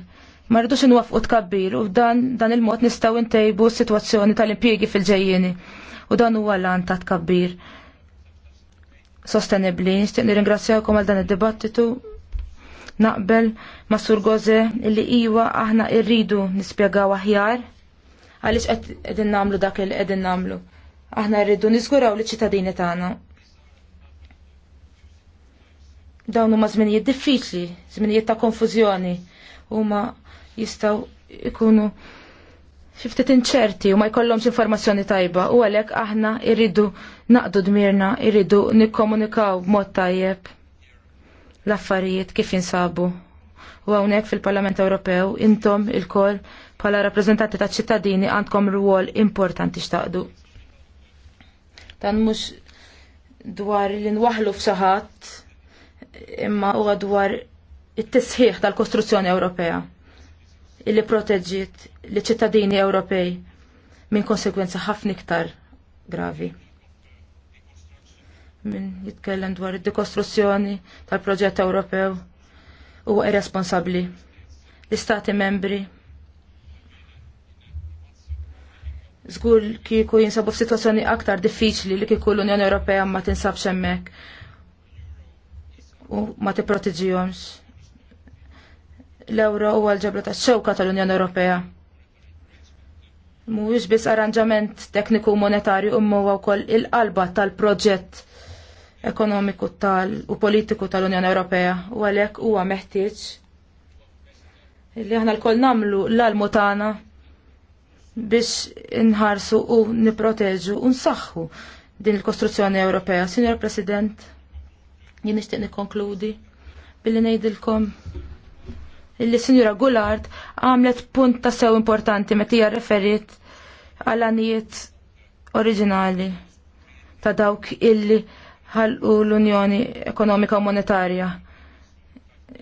ma rridux u tkabbir u dan dan il-mod nistgħu ntejbu s-sitwazzjoni tal-impjiegi fil ġejjini u dan huwa lan ta' tkabbir sostenibli. Nixtieq nirringrazzjawkom għal dan id-dibattitu. Naqbel ma' Sur Goze illi iwa aħna irridu nispjegaw aħjar għaliex qegħdin nagħmlu dak li qegħdin nagħmlu. Aħna rridu niżguraw li ċittadini tagħna. Dawn huma żminijiet diffiċli, żminijiet ta' konfużjoni huma jistgħu ikunu xiftit inċerti u ma jkollhomx informazzjoni tajba u għalhekk aħna irridu naqdu dmirna irridu nikkomunikaw mod tajjeb l-affarijiet kif jinsabu. U hawnhekk fil-Parlament Ewropew intom il-kol bħala rappreżentanti ta' ċittadini għandkom rwol importanti xtaqdu. Dan mhux dwar li nwaħlu f'saħat imma huwa dwar it-tisħiħ tal-kostruzzjoni Ewropea illi proteġġiet li ċittadini Ewropej minn konsekwenza ħafna iktar gravi min jitkellem dwar id-dikostruzzjoni tal-proġett Ewropew huwa irresponsabbli. L-istati membri Zgur kieku jinsabu f'sitwazzjoni aktar diffiċli li kieku l-Unjoni Ewropea ma tinsabx hemmhekk u ma t-protegġijomx. L-euro huwa l ġabra tax-xewka tal-Unjoni Ewropea. Mhuwiex biss arranġament tekniku monetarju mu għaw wkoll il-qalba tal-proġett ekonomiku tal u politiku tal-Unjoni Ewropea u għalhekk huwa meħtieġ li aħna lkoll nagħmlu l-almu tagħna biex inħarsu u niproteġu u nsaħħu din il-kostruzzjoni Ewropea. Signor President, jien nixtieq nikkonkludi billi ngħidilkom illi Sinjura Gullard għamlet punt ta' sew importanti meta hija referit għal anijiet oriġinali ta' dawk illi ħalqu l-Unjoni Ekonomika u Monetarja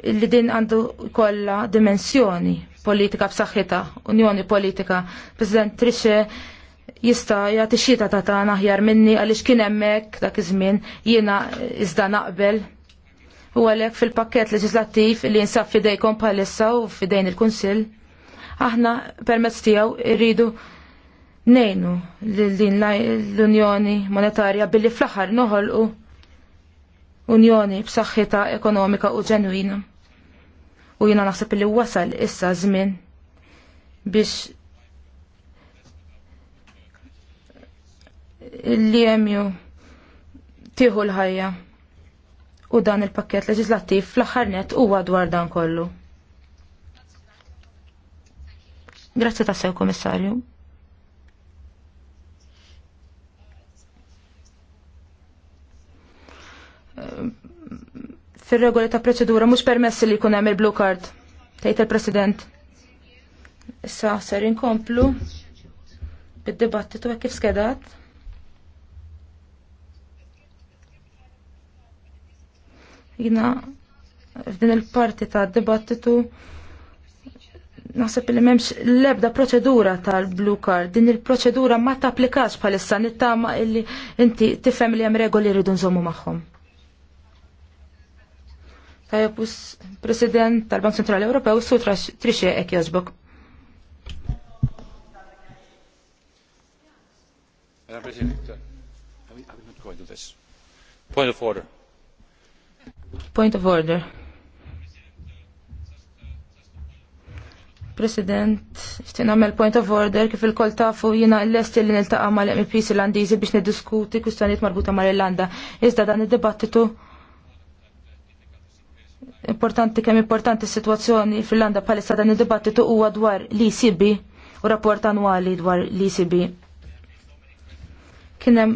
Illi din għandu kolla dimensjoni politika b'saħħitha, unjoni politika. President Trixe jista' jagħti xita ta' tagħna aħjar minni għaliex kien hemmhekk dak iż-żmien jiena iżda naqbel. U għalhekk fil-pakkett leġislattiv li jinsab fidejkom bħalissa u fidejn il-Kunsill, aħna permezz tiegħu irridu nejnu l-din l-Unjoni Monetarja billi fl-aħħar noħolqu Unjoni b'saħħitha ekonomika u ġenwina. U jiena naħseb li wasal issa żmien biex li jemju tieħu l-ħajja u dan il-pakket leġislattiv fl-aħħar net huwa dwar dan kollu. Grazzi tassew, Komissarju. fir-regoli ta' proċedura mhux permessi li jkun hemm il-blue card. tajt il-President. Issa ser inkomplu bid-dibattitu hekk kif skedat. Jina f'din il-parti ta' dibattitu naħseb li memx l-ebda proċedura tal-blue card, din il-proċedura ma tapplikax bħalissa nittama illi inti tifhem li hemm regoli rridu nżommu magħhom. Tajab, President tal-Bank Centrali Ewropew, su trixie ek jazbok. Madam President, I uh, will not go into this. Point of order. Point of order. President, ftin għamel point of order kif il-kol tafu jina l lesti li nil-taqqa mal-MPs irlandizi biex nediskuti kustanit marbuta mal-Irlanda. Iżda dan id debattitu Importanti kemm importanti s-sitwazzjoni fil-Landa bħalissa dan id-dibattitu huwa dwar l icb u rapport annwali dwar l icb Kien hemm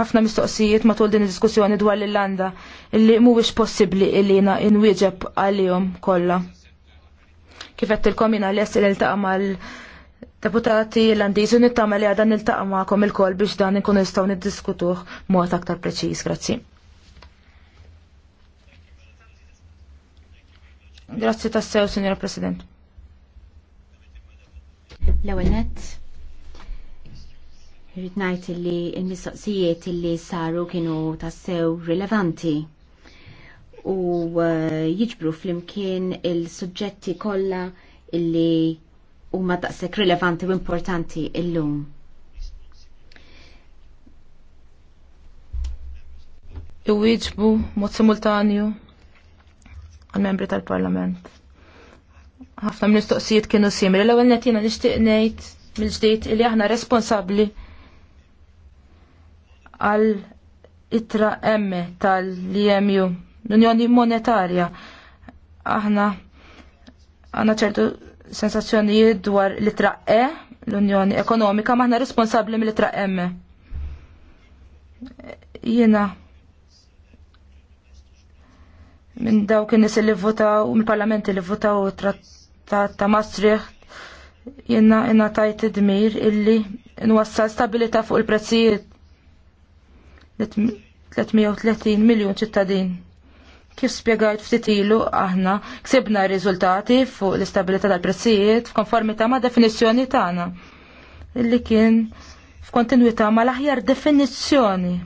ħafna mistoqsijiet matul din id-diskussjoni dwar l landa li mhuwiex possibbli ilina inwieġeb għalihom kollha. Kif qed tilkom jiena lest li niltaqa' mal-deputati Irlandiżi nittama li il niltaqa' magħkom il-kol biex dan inkunu nid niddiskutuh mod aktar preċiż. Grazzi. Grazzi tassew, Signora President. L-ewwel nett irrid ngħid li l-mistoqsijiet li saru kienu tassew rilevanti u uh, jiġbru flimkien il-suġġetti kollha illi huma daqshekk rilevanti u importanti illum. Iwieġbu mod simultanju għal-membri tal-Parlament. Ħafna mill-istoqsijiet kienu simili, l-ewwel qed jiena nixtieq ngħid mill-ġdid li aħna responsabbli għal itra M tal-EMU, l-Unjoni Monetarja. Aħna għandna ċertu sensazzjonijiet dwar l-itra E, l-Unjoni Ekonomika, aħna responsabbli mill-itra M. Jiena minn dawk in-nies li votaw, mill-parlamenti li votaw trattat ta' Maastricht jenna jenna tajt dmir illi nwassal stabilita fuq il-prezzijiet 330 miljon ċittadin. Kif spiegajt ftit ilu aħna ksibna r-riżultati fuq l-istabilità tal-prezzijiet f'konformità ma' definizzjoni tagħna illi kien f'kontinwità ma' l-aħjar definizzjoni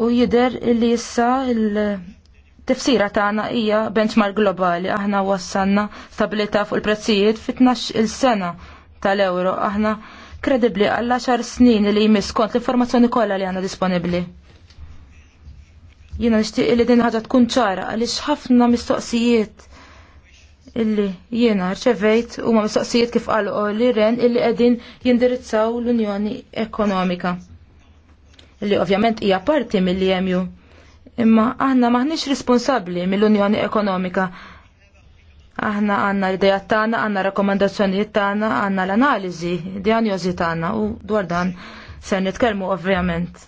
U jider li issa il-tifsira tagħna hija benchmark globali. Aħna wassanna stabilita fuq il-prezzijiet fitnax il-sena tal-euro. Aħna kredibli għall xar snin li jmiss kont l-informazzjoni kollha li għandna disponibbli. Jiena nixtieq li din ħaġa tkun ċara għaliex ħafna mistoqsijiet illi jiena rċevejt huma mistoqsijiet kif qalu li ren illi qegħdin jindirizzaw l-Unjoni Ekonomika li ovvjament hija parti mill-EMU. Imma aħna maħniex responsabbli mill-Unjoni Ekonomika. Aħna għanna l-idejat tagħna, għanna rakkomandazzjonijiet tagħna, għanna l-analiżi, diagnosi tagħna u dwar dan se nitkellmu ovvjament.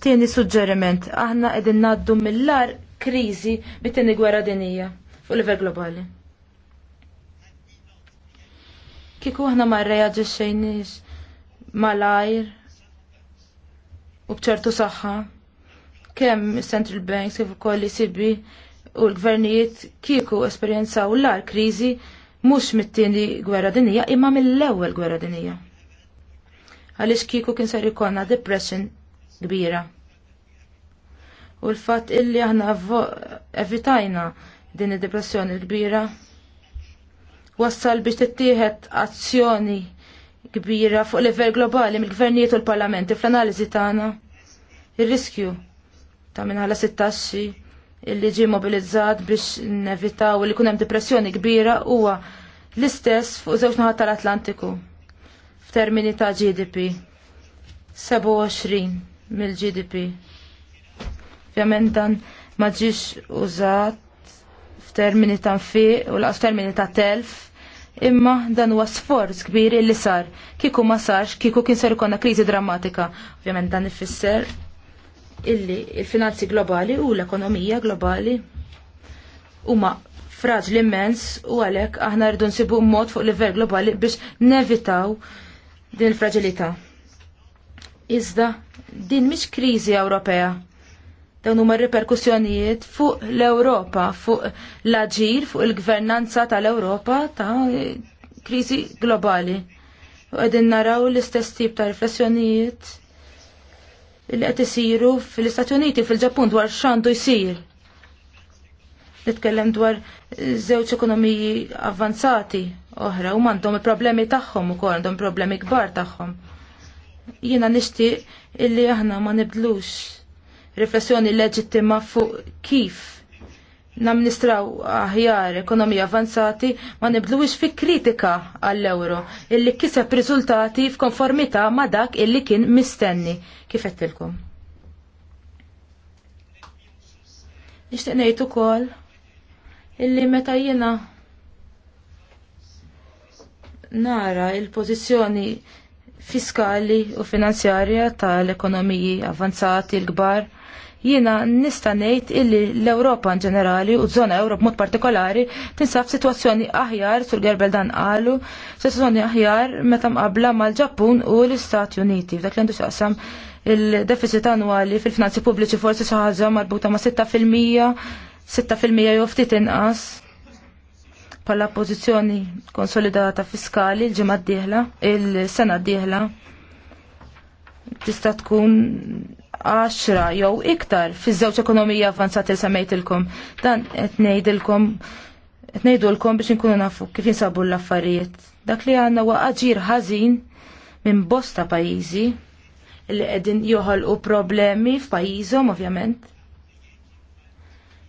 Tieni suġġeriment, aħna qegħdin ngħaddu mill-ar kriżi bit-tieni gwerra dinija fuq livell globali. Kieku aħna ma rreaġixxejniex mal-ajr u bċertu saħħa kemm central banks kif ukoll ECB u l-gvernijiet kieku esperjenzaw l-ar kriżi mhux mit-tieni gwerra dinija imma mill-ewwel gwerra dinija. Għaliex kieku kien ser ikollna depression kbira. U l-fatt illi aħna evitajna din id-depressjoni kbira wassal biex tittieħed azzjoni kbira fuq livell globali mill-gvernijiet u l-parlamenti fl-analiżi tagħna. Ir-riskju ta' minħala sittaxxi illi ġie mobilizzat biex nevitaw li jkun hemm depressjoni kbira huwa l-istess fuq żewġ naħat tal-Atlantiku f'termini ta' GDP. 27 mill-GDP. Ovvjament dan ma ġiex użat f'termini ta' fi u laqas f'termini ta' telf imma dan huwa sforz kbir illi sar. Kieku ma sarx, kieku kien ser ikonna kriżi drammatika. Ovvjament dan ifisser illi il-finanzi globali u l-ekonomija globali huma fraġli immens u għalhekk aħna rridu nsibu mod fuq livell globali biex nevitaw din il-fraġilità. Iżda din mhix kriżi Ewropea Dawn huma riperkussjonijiet fuq l-Ewropa, fuq l-aġir, fuq il-gvernanza tal-Ewropa ta' kriżi globali. U għedin naraw l-istess tip ta' riflessjonijiet li qed isiru fil-Istati Uniti fil-Ġappun dwar x'għandu jsir. Nitkellem dwar żewġ ekonomiji avanzati oħra u m'għandhom il-problemi tagħhom ukoll għandhom problemi kbar tagħhom. Jiena nixtieq illi aħna ma nibdlux riflessjoni leġittima fuq kif namnistraw aħjar ekonomija avanzati ma nibdluwix fi kritika għall-euro illi kiseb riżultati f'konformità ma dak illi kien mistenni kif għettilkom. Nixtieq ngħid ukoll illi meta jiena nara il-pożizzjoni fiskali u finanzjarja tal-ekonomiji avanzati l-kbar Jiena nista' ngħid illi l-Ewropa in ġenerali u żona Ewrop mod partikolari tinsab sitwazzjoni aħjar sur Gerbel dan qalu, sitwazzjoni aħjar meta mqabbla mal-Ġappun u l-Istati Uniti. Dak li għandu xaqsam il-deficit annwali fil-finanzi pubbliċi forsi xi ħaġa marbuta ma' 6%, 6% jew ftit inqas bħala pożizzjoni konsolidata fiskali l-ġimgħa d-dieħla, il-sena d-dieħla tista' tkun 10 jew iktar fiż-żewġ ekonomija avvanzati li semmejtilkom. Dan qed ngħidilkom qed ngħidulkom biex inkunu nafu kif jinsabu l-affarijiet. Dak li għandna huwa aġir ħażin minn bosta pajjiżi li qegħdin joħolqu problemi f'pajjiżhom ovvjament.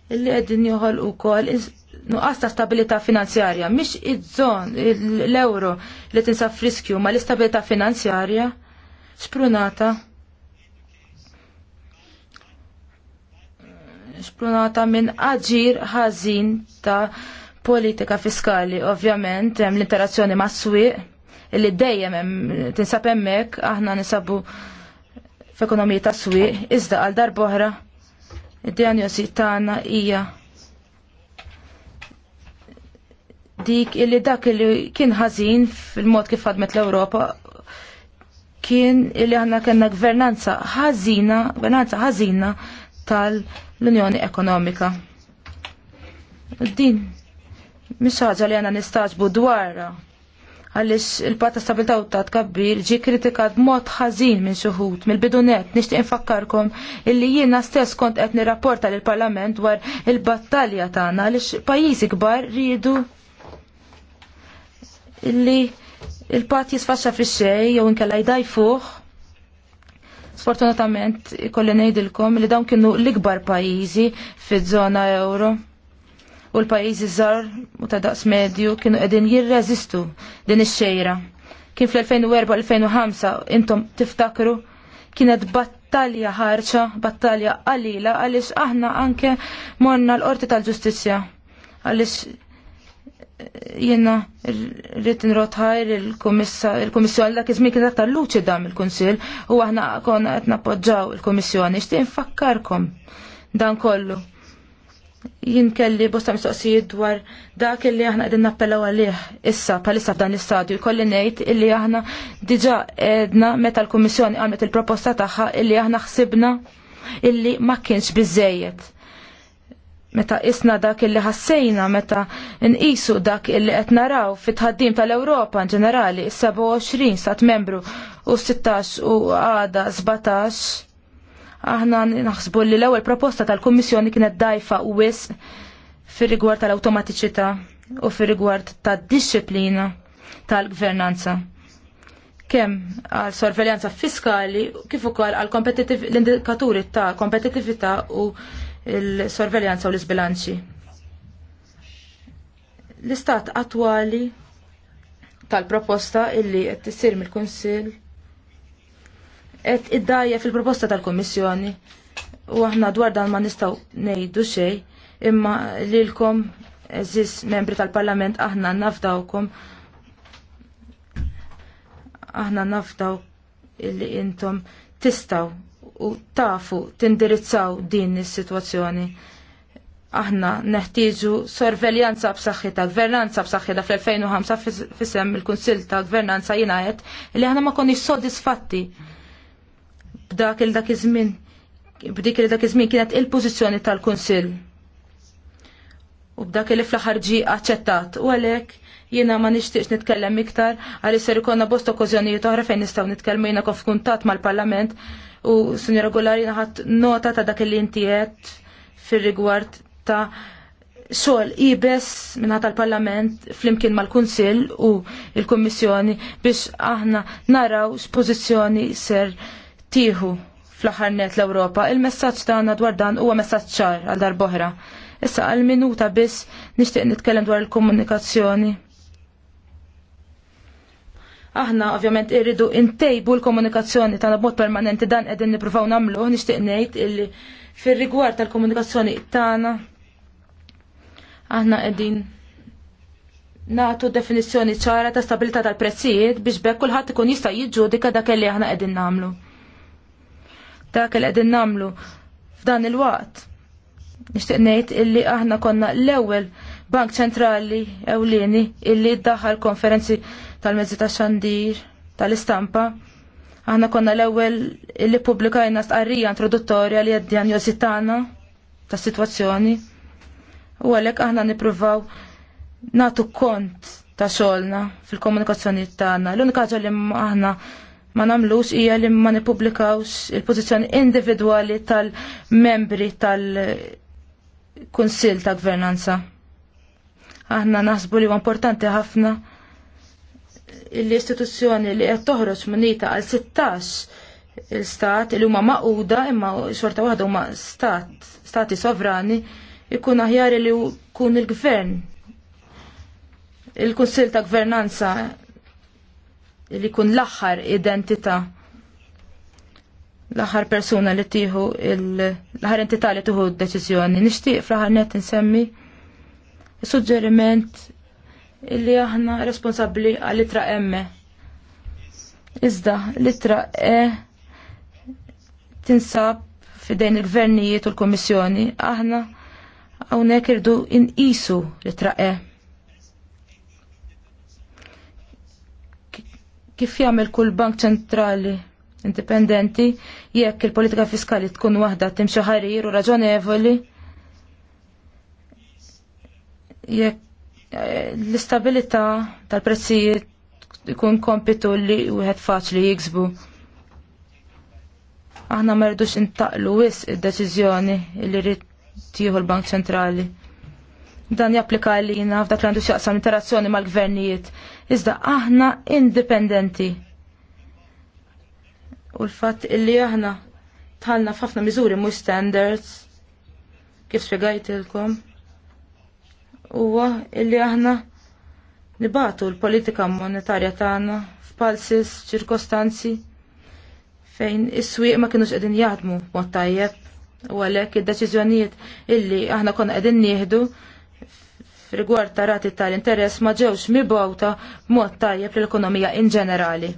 Illi qegħdin joħolqu wkoll nuqqas ta' stabilità finanzjarja, mhix iż-żon l-euro li tinsab friskju ma l-istabilità finanzjarja sprunata xplunata minn aġir ħażin ta' politika fiskali. Ovvjament, hemm l-interazzjoni ma' swieq illi dejjem hemm tinsab hemmhekk aħna nisabu f'ekonomija ta' swieq iżda għal darb'oħra id-dijanjosi tagħna hija dik illi dak illi kien ħażin fil-mod kif ħadmet l-Ewropa kien illi aħna kellna gvernanza ħażina, gvernanza ħażina tal-Unjoni Ekonomika. Din mhix ħaġa li għandna nistaġbu dwarha għaliex il pata stabilta u tat kabbir ġi kritikat mod ħażin minn xuħut mill-bidunet nixtieq infakkarkom illi jiena stess kont qed nirrapporta lill parlament dwar il-battalja tagħna għaliex pajjiżi kbar rridu illi il-pat jisfaxxa fix-xejn jew inkella jdajfuh Sfortunatament, ikolli ngħidilkom li dawn kienu l-ikbar pajjiżi fiż-żona euro u l-pajjiżi żgħar u ta' daqs medju kienu qegħdin jirreżistu din ix-xejra. Kien fl-2004-2005 intom tiftakru kienet battalja ħarċa, battalja qalila għaliex aħna anke morna l-qorti tal-ġustizzja għaliex jenna rrit nrotħajr il-komissjoni dak iżmin kien aktar luċi dam il-Kunsill u aħna konna qed nappoġġaw il-Komissjoni xtieq nfakkarkom dan kollu. Jien kelli bosta mistoqsijiet dwar dak illi aħna qegħdin nappellaw għalih issa bħalissa f'dan l-istadju jkolli ngħid illi aħna diġà għedna meta l-Kummissjoni għamlet il-proposta tagħha illi aħna ħsibna illi ma kienx biżejjed meta isna dak illi ħassejna meta nqisu dak illi qed naraw fit-tħaddim tal-Ewropa ġenerali is-27 sat membru u 16 u għada 17 aħna naħsbu li l-ewwel proposta tal-Kummissjoni kienet dajfa u wisq fir-rigward tal-awtomatiċità u fir-rigward tad-disċiplina tal-gvernanza kemm għal sorveljanza fiskali kif ukoll għal l-indikaturi ta' kompetittività u il-sorveljanza u l-isbilanċi. L-istat attwali tal-proposta illi qed tissir mill-Kunsill qed iddajja fil-proposta tal kummissjoni u aħna dwar dan ma nistgħu ngħidu xejn imma lilkom eżis membri tal-Parlament aħna nafdawkom aħna nafdaw illi intom tistaw u tafu tindirizzaw din is-sitwazzjoni. Aħna neħtieġu sorveljanza b'saħħitha, gvernanza b'saħħitha fl-2005 fisem il-Kunsill ta' Gvernanza jingħajed li aħna ma konniex sodisfatti b'dak il dak iż-żmien b'dik il dak iż-żmien kienet il-pożizzjoni tal-Kunsill. U b'dak li fl-aħħar ġie aċċettat u għalhekk jiena ma nixtieqx nitkellem iktar għaliex ser ikonna bost okkożjonijiet oħra fejn nistgħu nitkellmu jiena kuntat mal-Parlament u sinjora Golari naħat nota ta' dak li inti għed fir-rigward ta' xogħol ibes minn tal-Parlament flimkien mal-Kunsill u l-Kummissjoni biex aħna naraw x'pożizzjoni ser tieħu fl-aħħar net l-Ewropa. Il-messaġġ tagħna dwar dan huwa messaġġ ċar għal darb'oħra. Issa għal minuta biss nixtieq nitkellem dwar il-komunikazzjoni Aħna ovvjament irridu intejbu l-komunikazzjoni tagħna b'mod permanenti dan qegħdin nippruvaw nagħmlu, nixtieq ngħid illi fir-rigward tal-komunikazzjoni tagħna aħna qegħdin nagħtu definizzjoni ċara ta' stabilità tal-prezzijiet biex bekk kulħadd ikun jista' jiġġudika dak li aħna qegħdin nagħmlu. Dak li qegħdin nagħmlu f'dan il-waqt nixtieq ngħid illi aħna konna l-ewwel Bank Ċentrali Ewlieni illi ddaħħal konferenzi tal-mezzi ta' xandir, tal-istampa. Aħna konna l-ewwel li pubblikajna stqarrija introduttorja li għad jositana tagħna tas-sitwazzjoni. U għalhekk aħna nippruvaw natu kont ta' xolna fil-komunikazzjoni tagħna. L-unika li aħna ma namlux hija li ma nippubblikawx il-pożizzjoni individwali tal-membri tal-Kunsill ta' Gvernanza. Aħna naħsbu li huwa importanti ħafna l-istituzzjoni li qed toħroġ munita għal 16 il-stat li huma maquda imma xorta waħda huma stat stati sovrani ikun aħjar li jkun il-gvern il-Kunsil ta' Gvernanza li jkun l-aħħar identità l-aħħar persuna li tieħu l-aħħar entità li tieħu d-deċiżjoni. Nixtieq fl-aħħar net insemmi suġġeriment illi aħna responsabbli għall-itra M. Iżda, l-itra e tinsab fidejn il-gvernijiet u l-Komissjoni, aħna hawnhekk irdu inqisu l-itra e. Kif jagħmel kull bank ċentrali indipendenti jekk il-politika fiskali tkun waħda timxi ħarir u raġonevoli jekk Eh, l-istabilità tal-prezzijiet ikun kompitu li wieħed faċli jiksbu. Aħna merdux intaqlu wis id-deċiżjoni li rrit tieħu l-Bank Ċentrali. Dan japplika lina f'dak li għandu xaqsam interazzjoni mal-gvernijiet. Iżda aħna indipendenti. U l-fatt illi aħna tħalna f'ħafna miżuri mu standards kif spjegajtilkom huwa illi aħna nibatu l-politika monetarja tagħna f'palsis ċirkostanzi fejn is-swieq ma kienux qegħdin jaħdmu mod tajjeb u għalhekk id-deċiżjonijiet illi aħna konna qegħdin nieħdu rigward ta' rati tal-interess ma ġewx mibawta mod tajjeb l-ekonomija in ġenerali.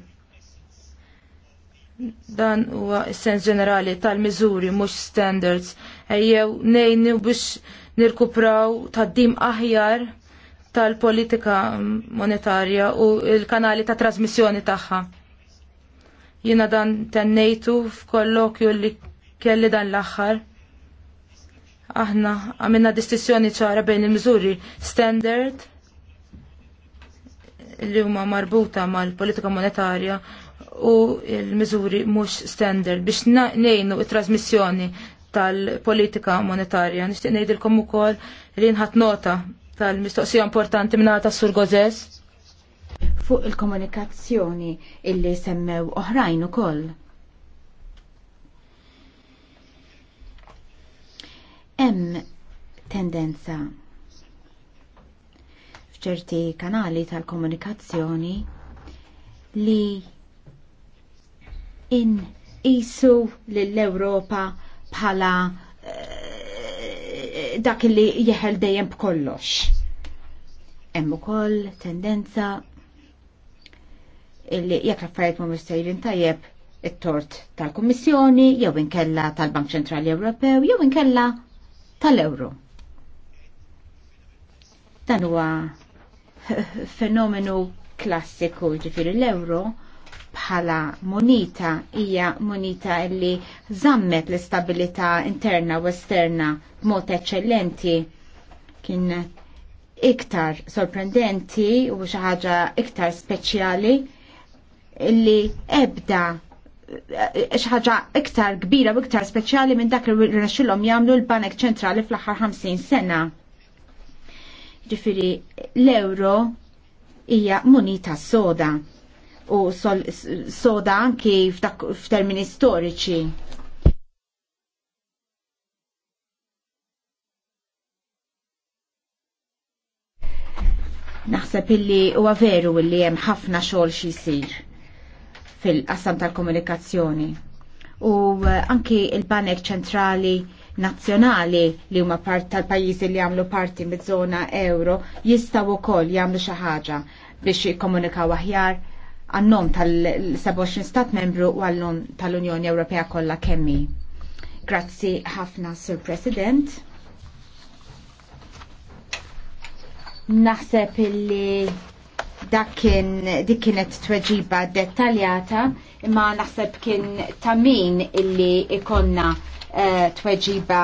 Dan huwa s-sens ġenerali tal-miżuri mhux standards ejjew nejnu biex nirkupraw taddim aħjar tal-politika monetarja u l-kanali ta' trasmissjoni tagħha. Jiena dan tennejtu f'kollokju li kelli dan l-aħħar. Aħna għamilna distinzjoni ċara bejn il-miżuri standard li huma marbuta mal-politika monetarja u l-miżuri mhux standard biex ngħinu it-trasmissjoni tal-politika monetarja. Nixtieq ngħidilkom ukoll li nħat nota tal-mistoqsija importanti ta' sur Gozes. Fuq il-komunikazzjoni illi semmew oħrajn ukoll. Hemm tendenza f'ċerti kanali tal-komunikazzjoni li in isu l-Europa bħala eh, dak li jeħel dejjem b'kollox. Hemm ukoll tendenza li jekk affarijiet ma mistejrin tajjeb it-tort tal-Kummissjoni jew inkella tal-Bank Ċentrali Ewropew jew inkella tal-Euro. Dan huwa fenomenu klassiku ġifiri l-Euro bħala monita hija monita li zammet l-istabilità interna u esterna b'mod eċċellenti kien iktar sorprendenti u xi ħaġa iktar speċjali li ebda eh, xi ħaġa iktar kbira u iktar speċjali minn dak li rnexxilhom jagħmlu l-Banek Ċentrali fl-aħħar 50 sena. Ġifieri l-euro hija munita soda u soda anki f'termini storiċi. Naħseb illi huwa veru illi hemm ħafna xogħol xi jsir fil-qasam tal-komunikazzjoni. U eh, anki il-banek ċentrali nazzjonali li huma part tal-pajjiżi li għamlu parti mid żona euro jistgħu wkoll jagħmlu xi ħaġa biex jikkomunikaw aħjar għannom tal-27 stat membru u għannom tal-Unjoni Ewropea kollha kemmi. Grazzi ħafna, Sir President. Naħseb illi dakken dik kienet tweġiba dettaljata imma naħseb kien tamin illi ikonna uh, tweġiba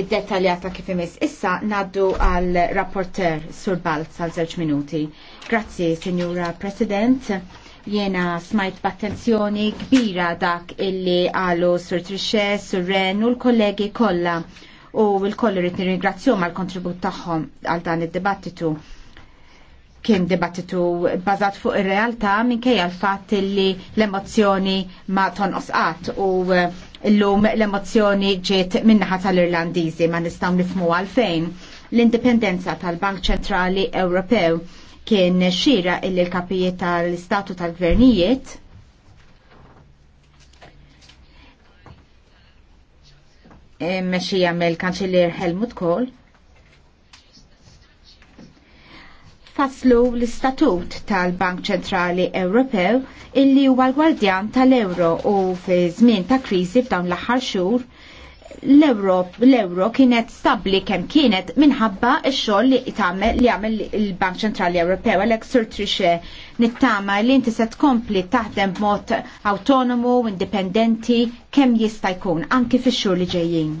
id-detaljata kif imiss. Issa naddu għal rapporter Sur Balz għal żewġ minuti. Grazzi, Signora President. Jena smajt b'attenzjoni kbira dak illi għalu Sur Trixxe, Sur Ren u l-kollegi kollha u l-koll irrid nirringrazzjom għal kontribut tagħhom għal dan id-dibattitu kien dibattitu bazat fuq ir-realtà minkejja l-fatt illi l-emozzjoni ma tonqosqat. u Illum l-emozzjoni ġiet minnaħa tal-Irlandiżi ma nistgħu nifmu għalfejn. L-indipendenza tal-Bank Ċentrali Ewropew kien xira illi l-kapijiet tal-istatu tal-gvernijiet Meċi mill kanċillir Helmut Kohl faslu l-istatut tal-Bank Ċentrali Ewropew illi huwa l-gwardjan tal-euro u fi żmien ta' kriżi f'dawn l-aħħar xhur l-euro kienet stabli kemm kienet minħabba x-xogħol li tagħmel li jagħmel il-Bank Ċentrali Ewropew għalhekk Sur Trixe nittama li inti se tkompli taħdem b'mod awtonomu, indipendenti kemm jista' jkun anki fix-xhur li ġejjin.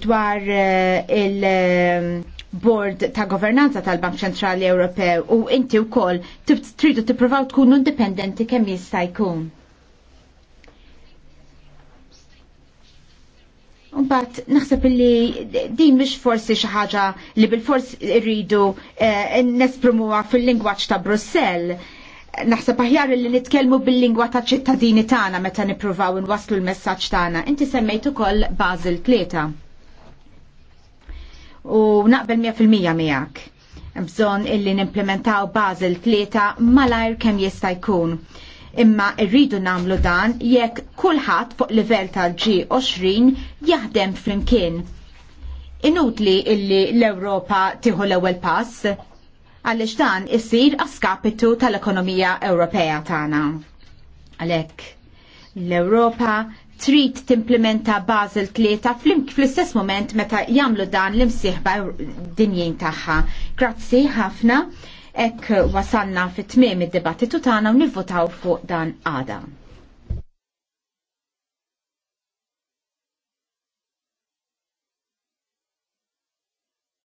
dwar eh, il-Board eh, ta' Governanza tal-Bank Ċentrali Ewropew u inti wkoll tridu tippruvaw tkun indipendenti kemm jista' jkun. Mbagħad naħseb li din mhix forsi xi ħaġa li bil-fors irridu eh, nesprimuha fil-lingwaġġ ta' Brussell naħseb aħjar li nitkellmu bil-lingwa ta' ċittadini tagħna meta nippruvaw inwasslu l-messaġġ tagħna. Inti semmejt ukoll Basel tlieta u naqbel 100% miegħek. Bżon illi nimplementaw Basel 3 malajr kemm jista' jkun. Imma rridu namlu dan jekk kulħadd fuq livell tal-G20 jaħdem flimkien. Inutli illi l-Ewropa tieħu l-ewwel pass għaliex dan isir għaskapitu tal-ekonomija Ewropea tagħna. Għalhekk l-Ewropa trid timplementa Basel tlieta fl-istess moment meta jagħmlu dan l-imsieħba dinjin tagħha. Grazzi ħafna, hekk wasalna fit-tmiem id-dibattitu tagħna u nivvotaw fuq dan għada.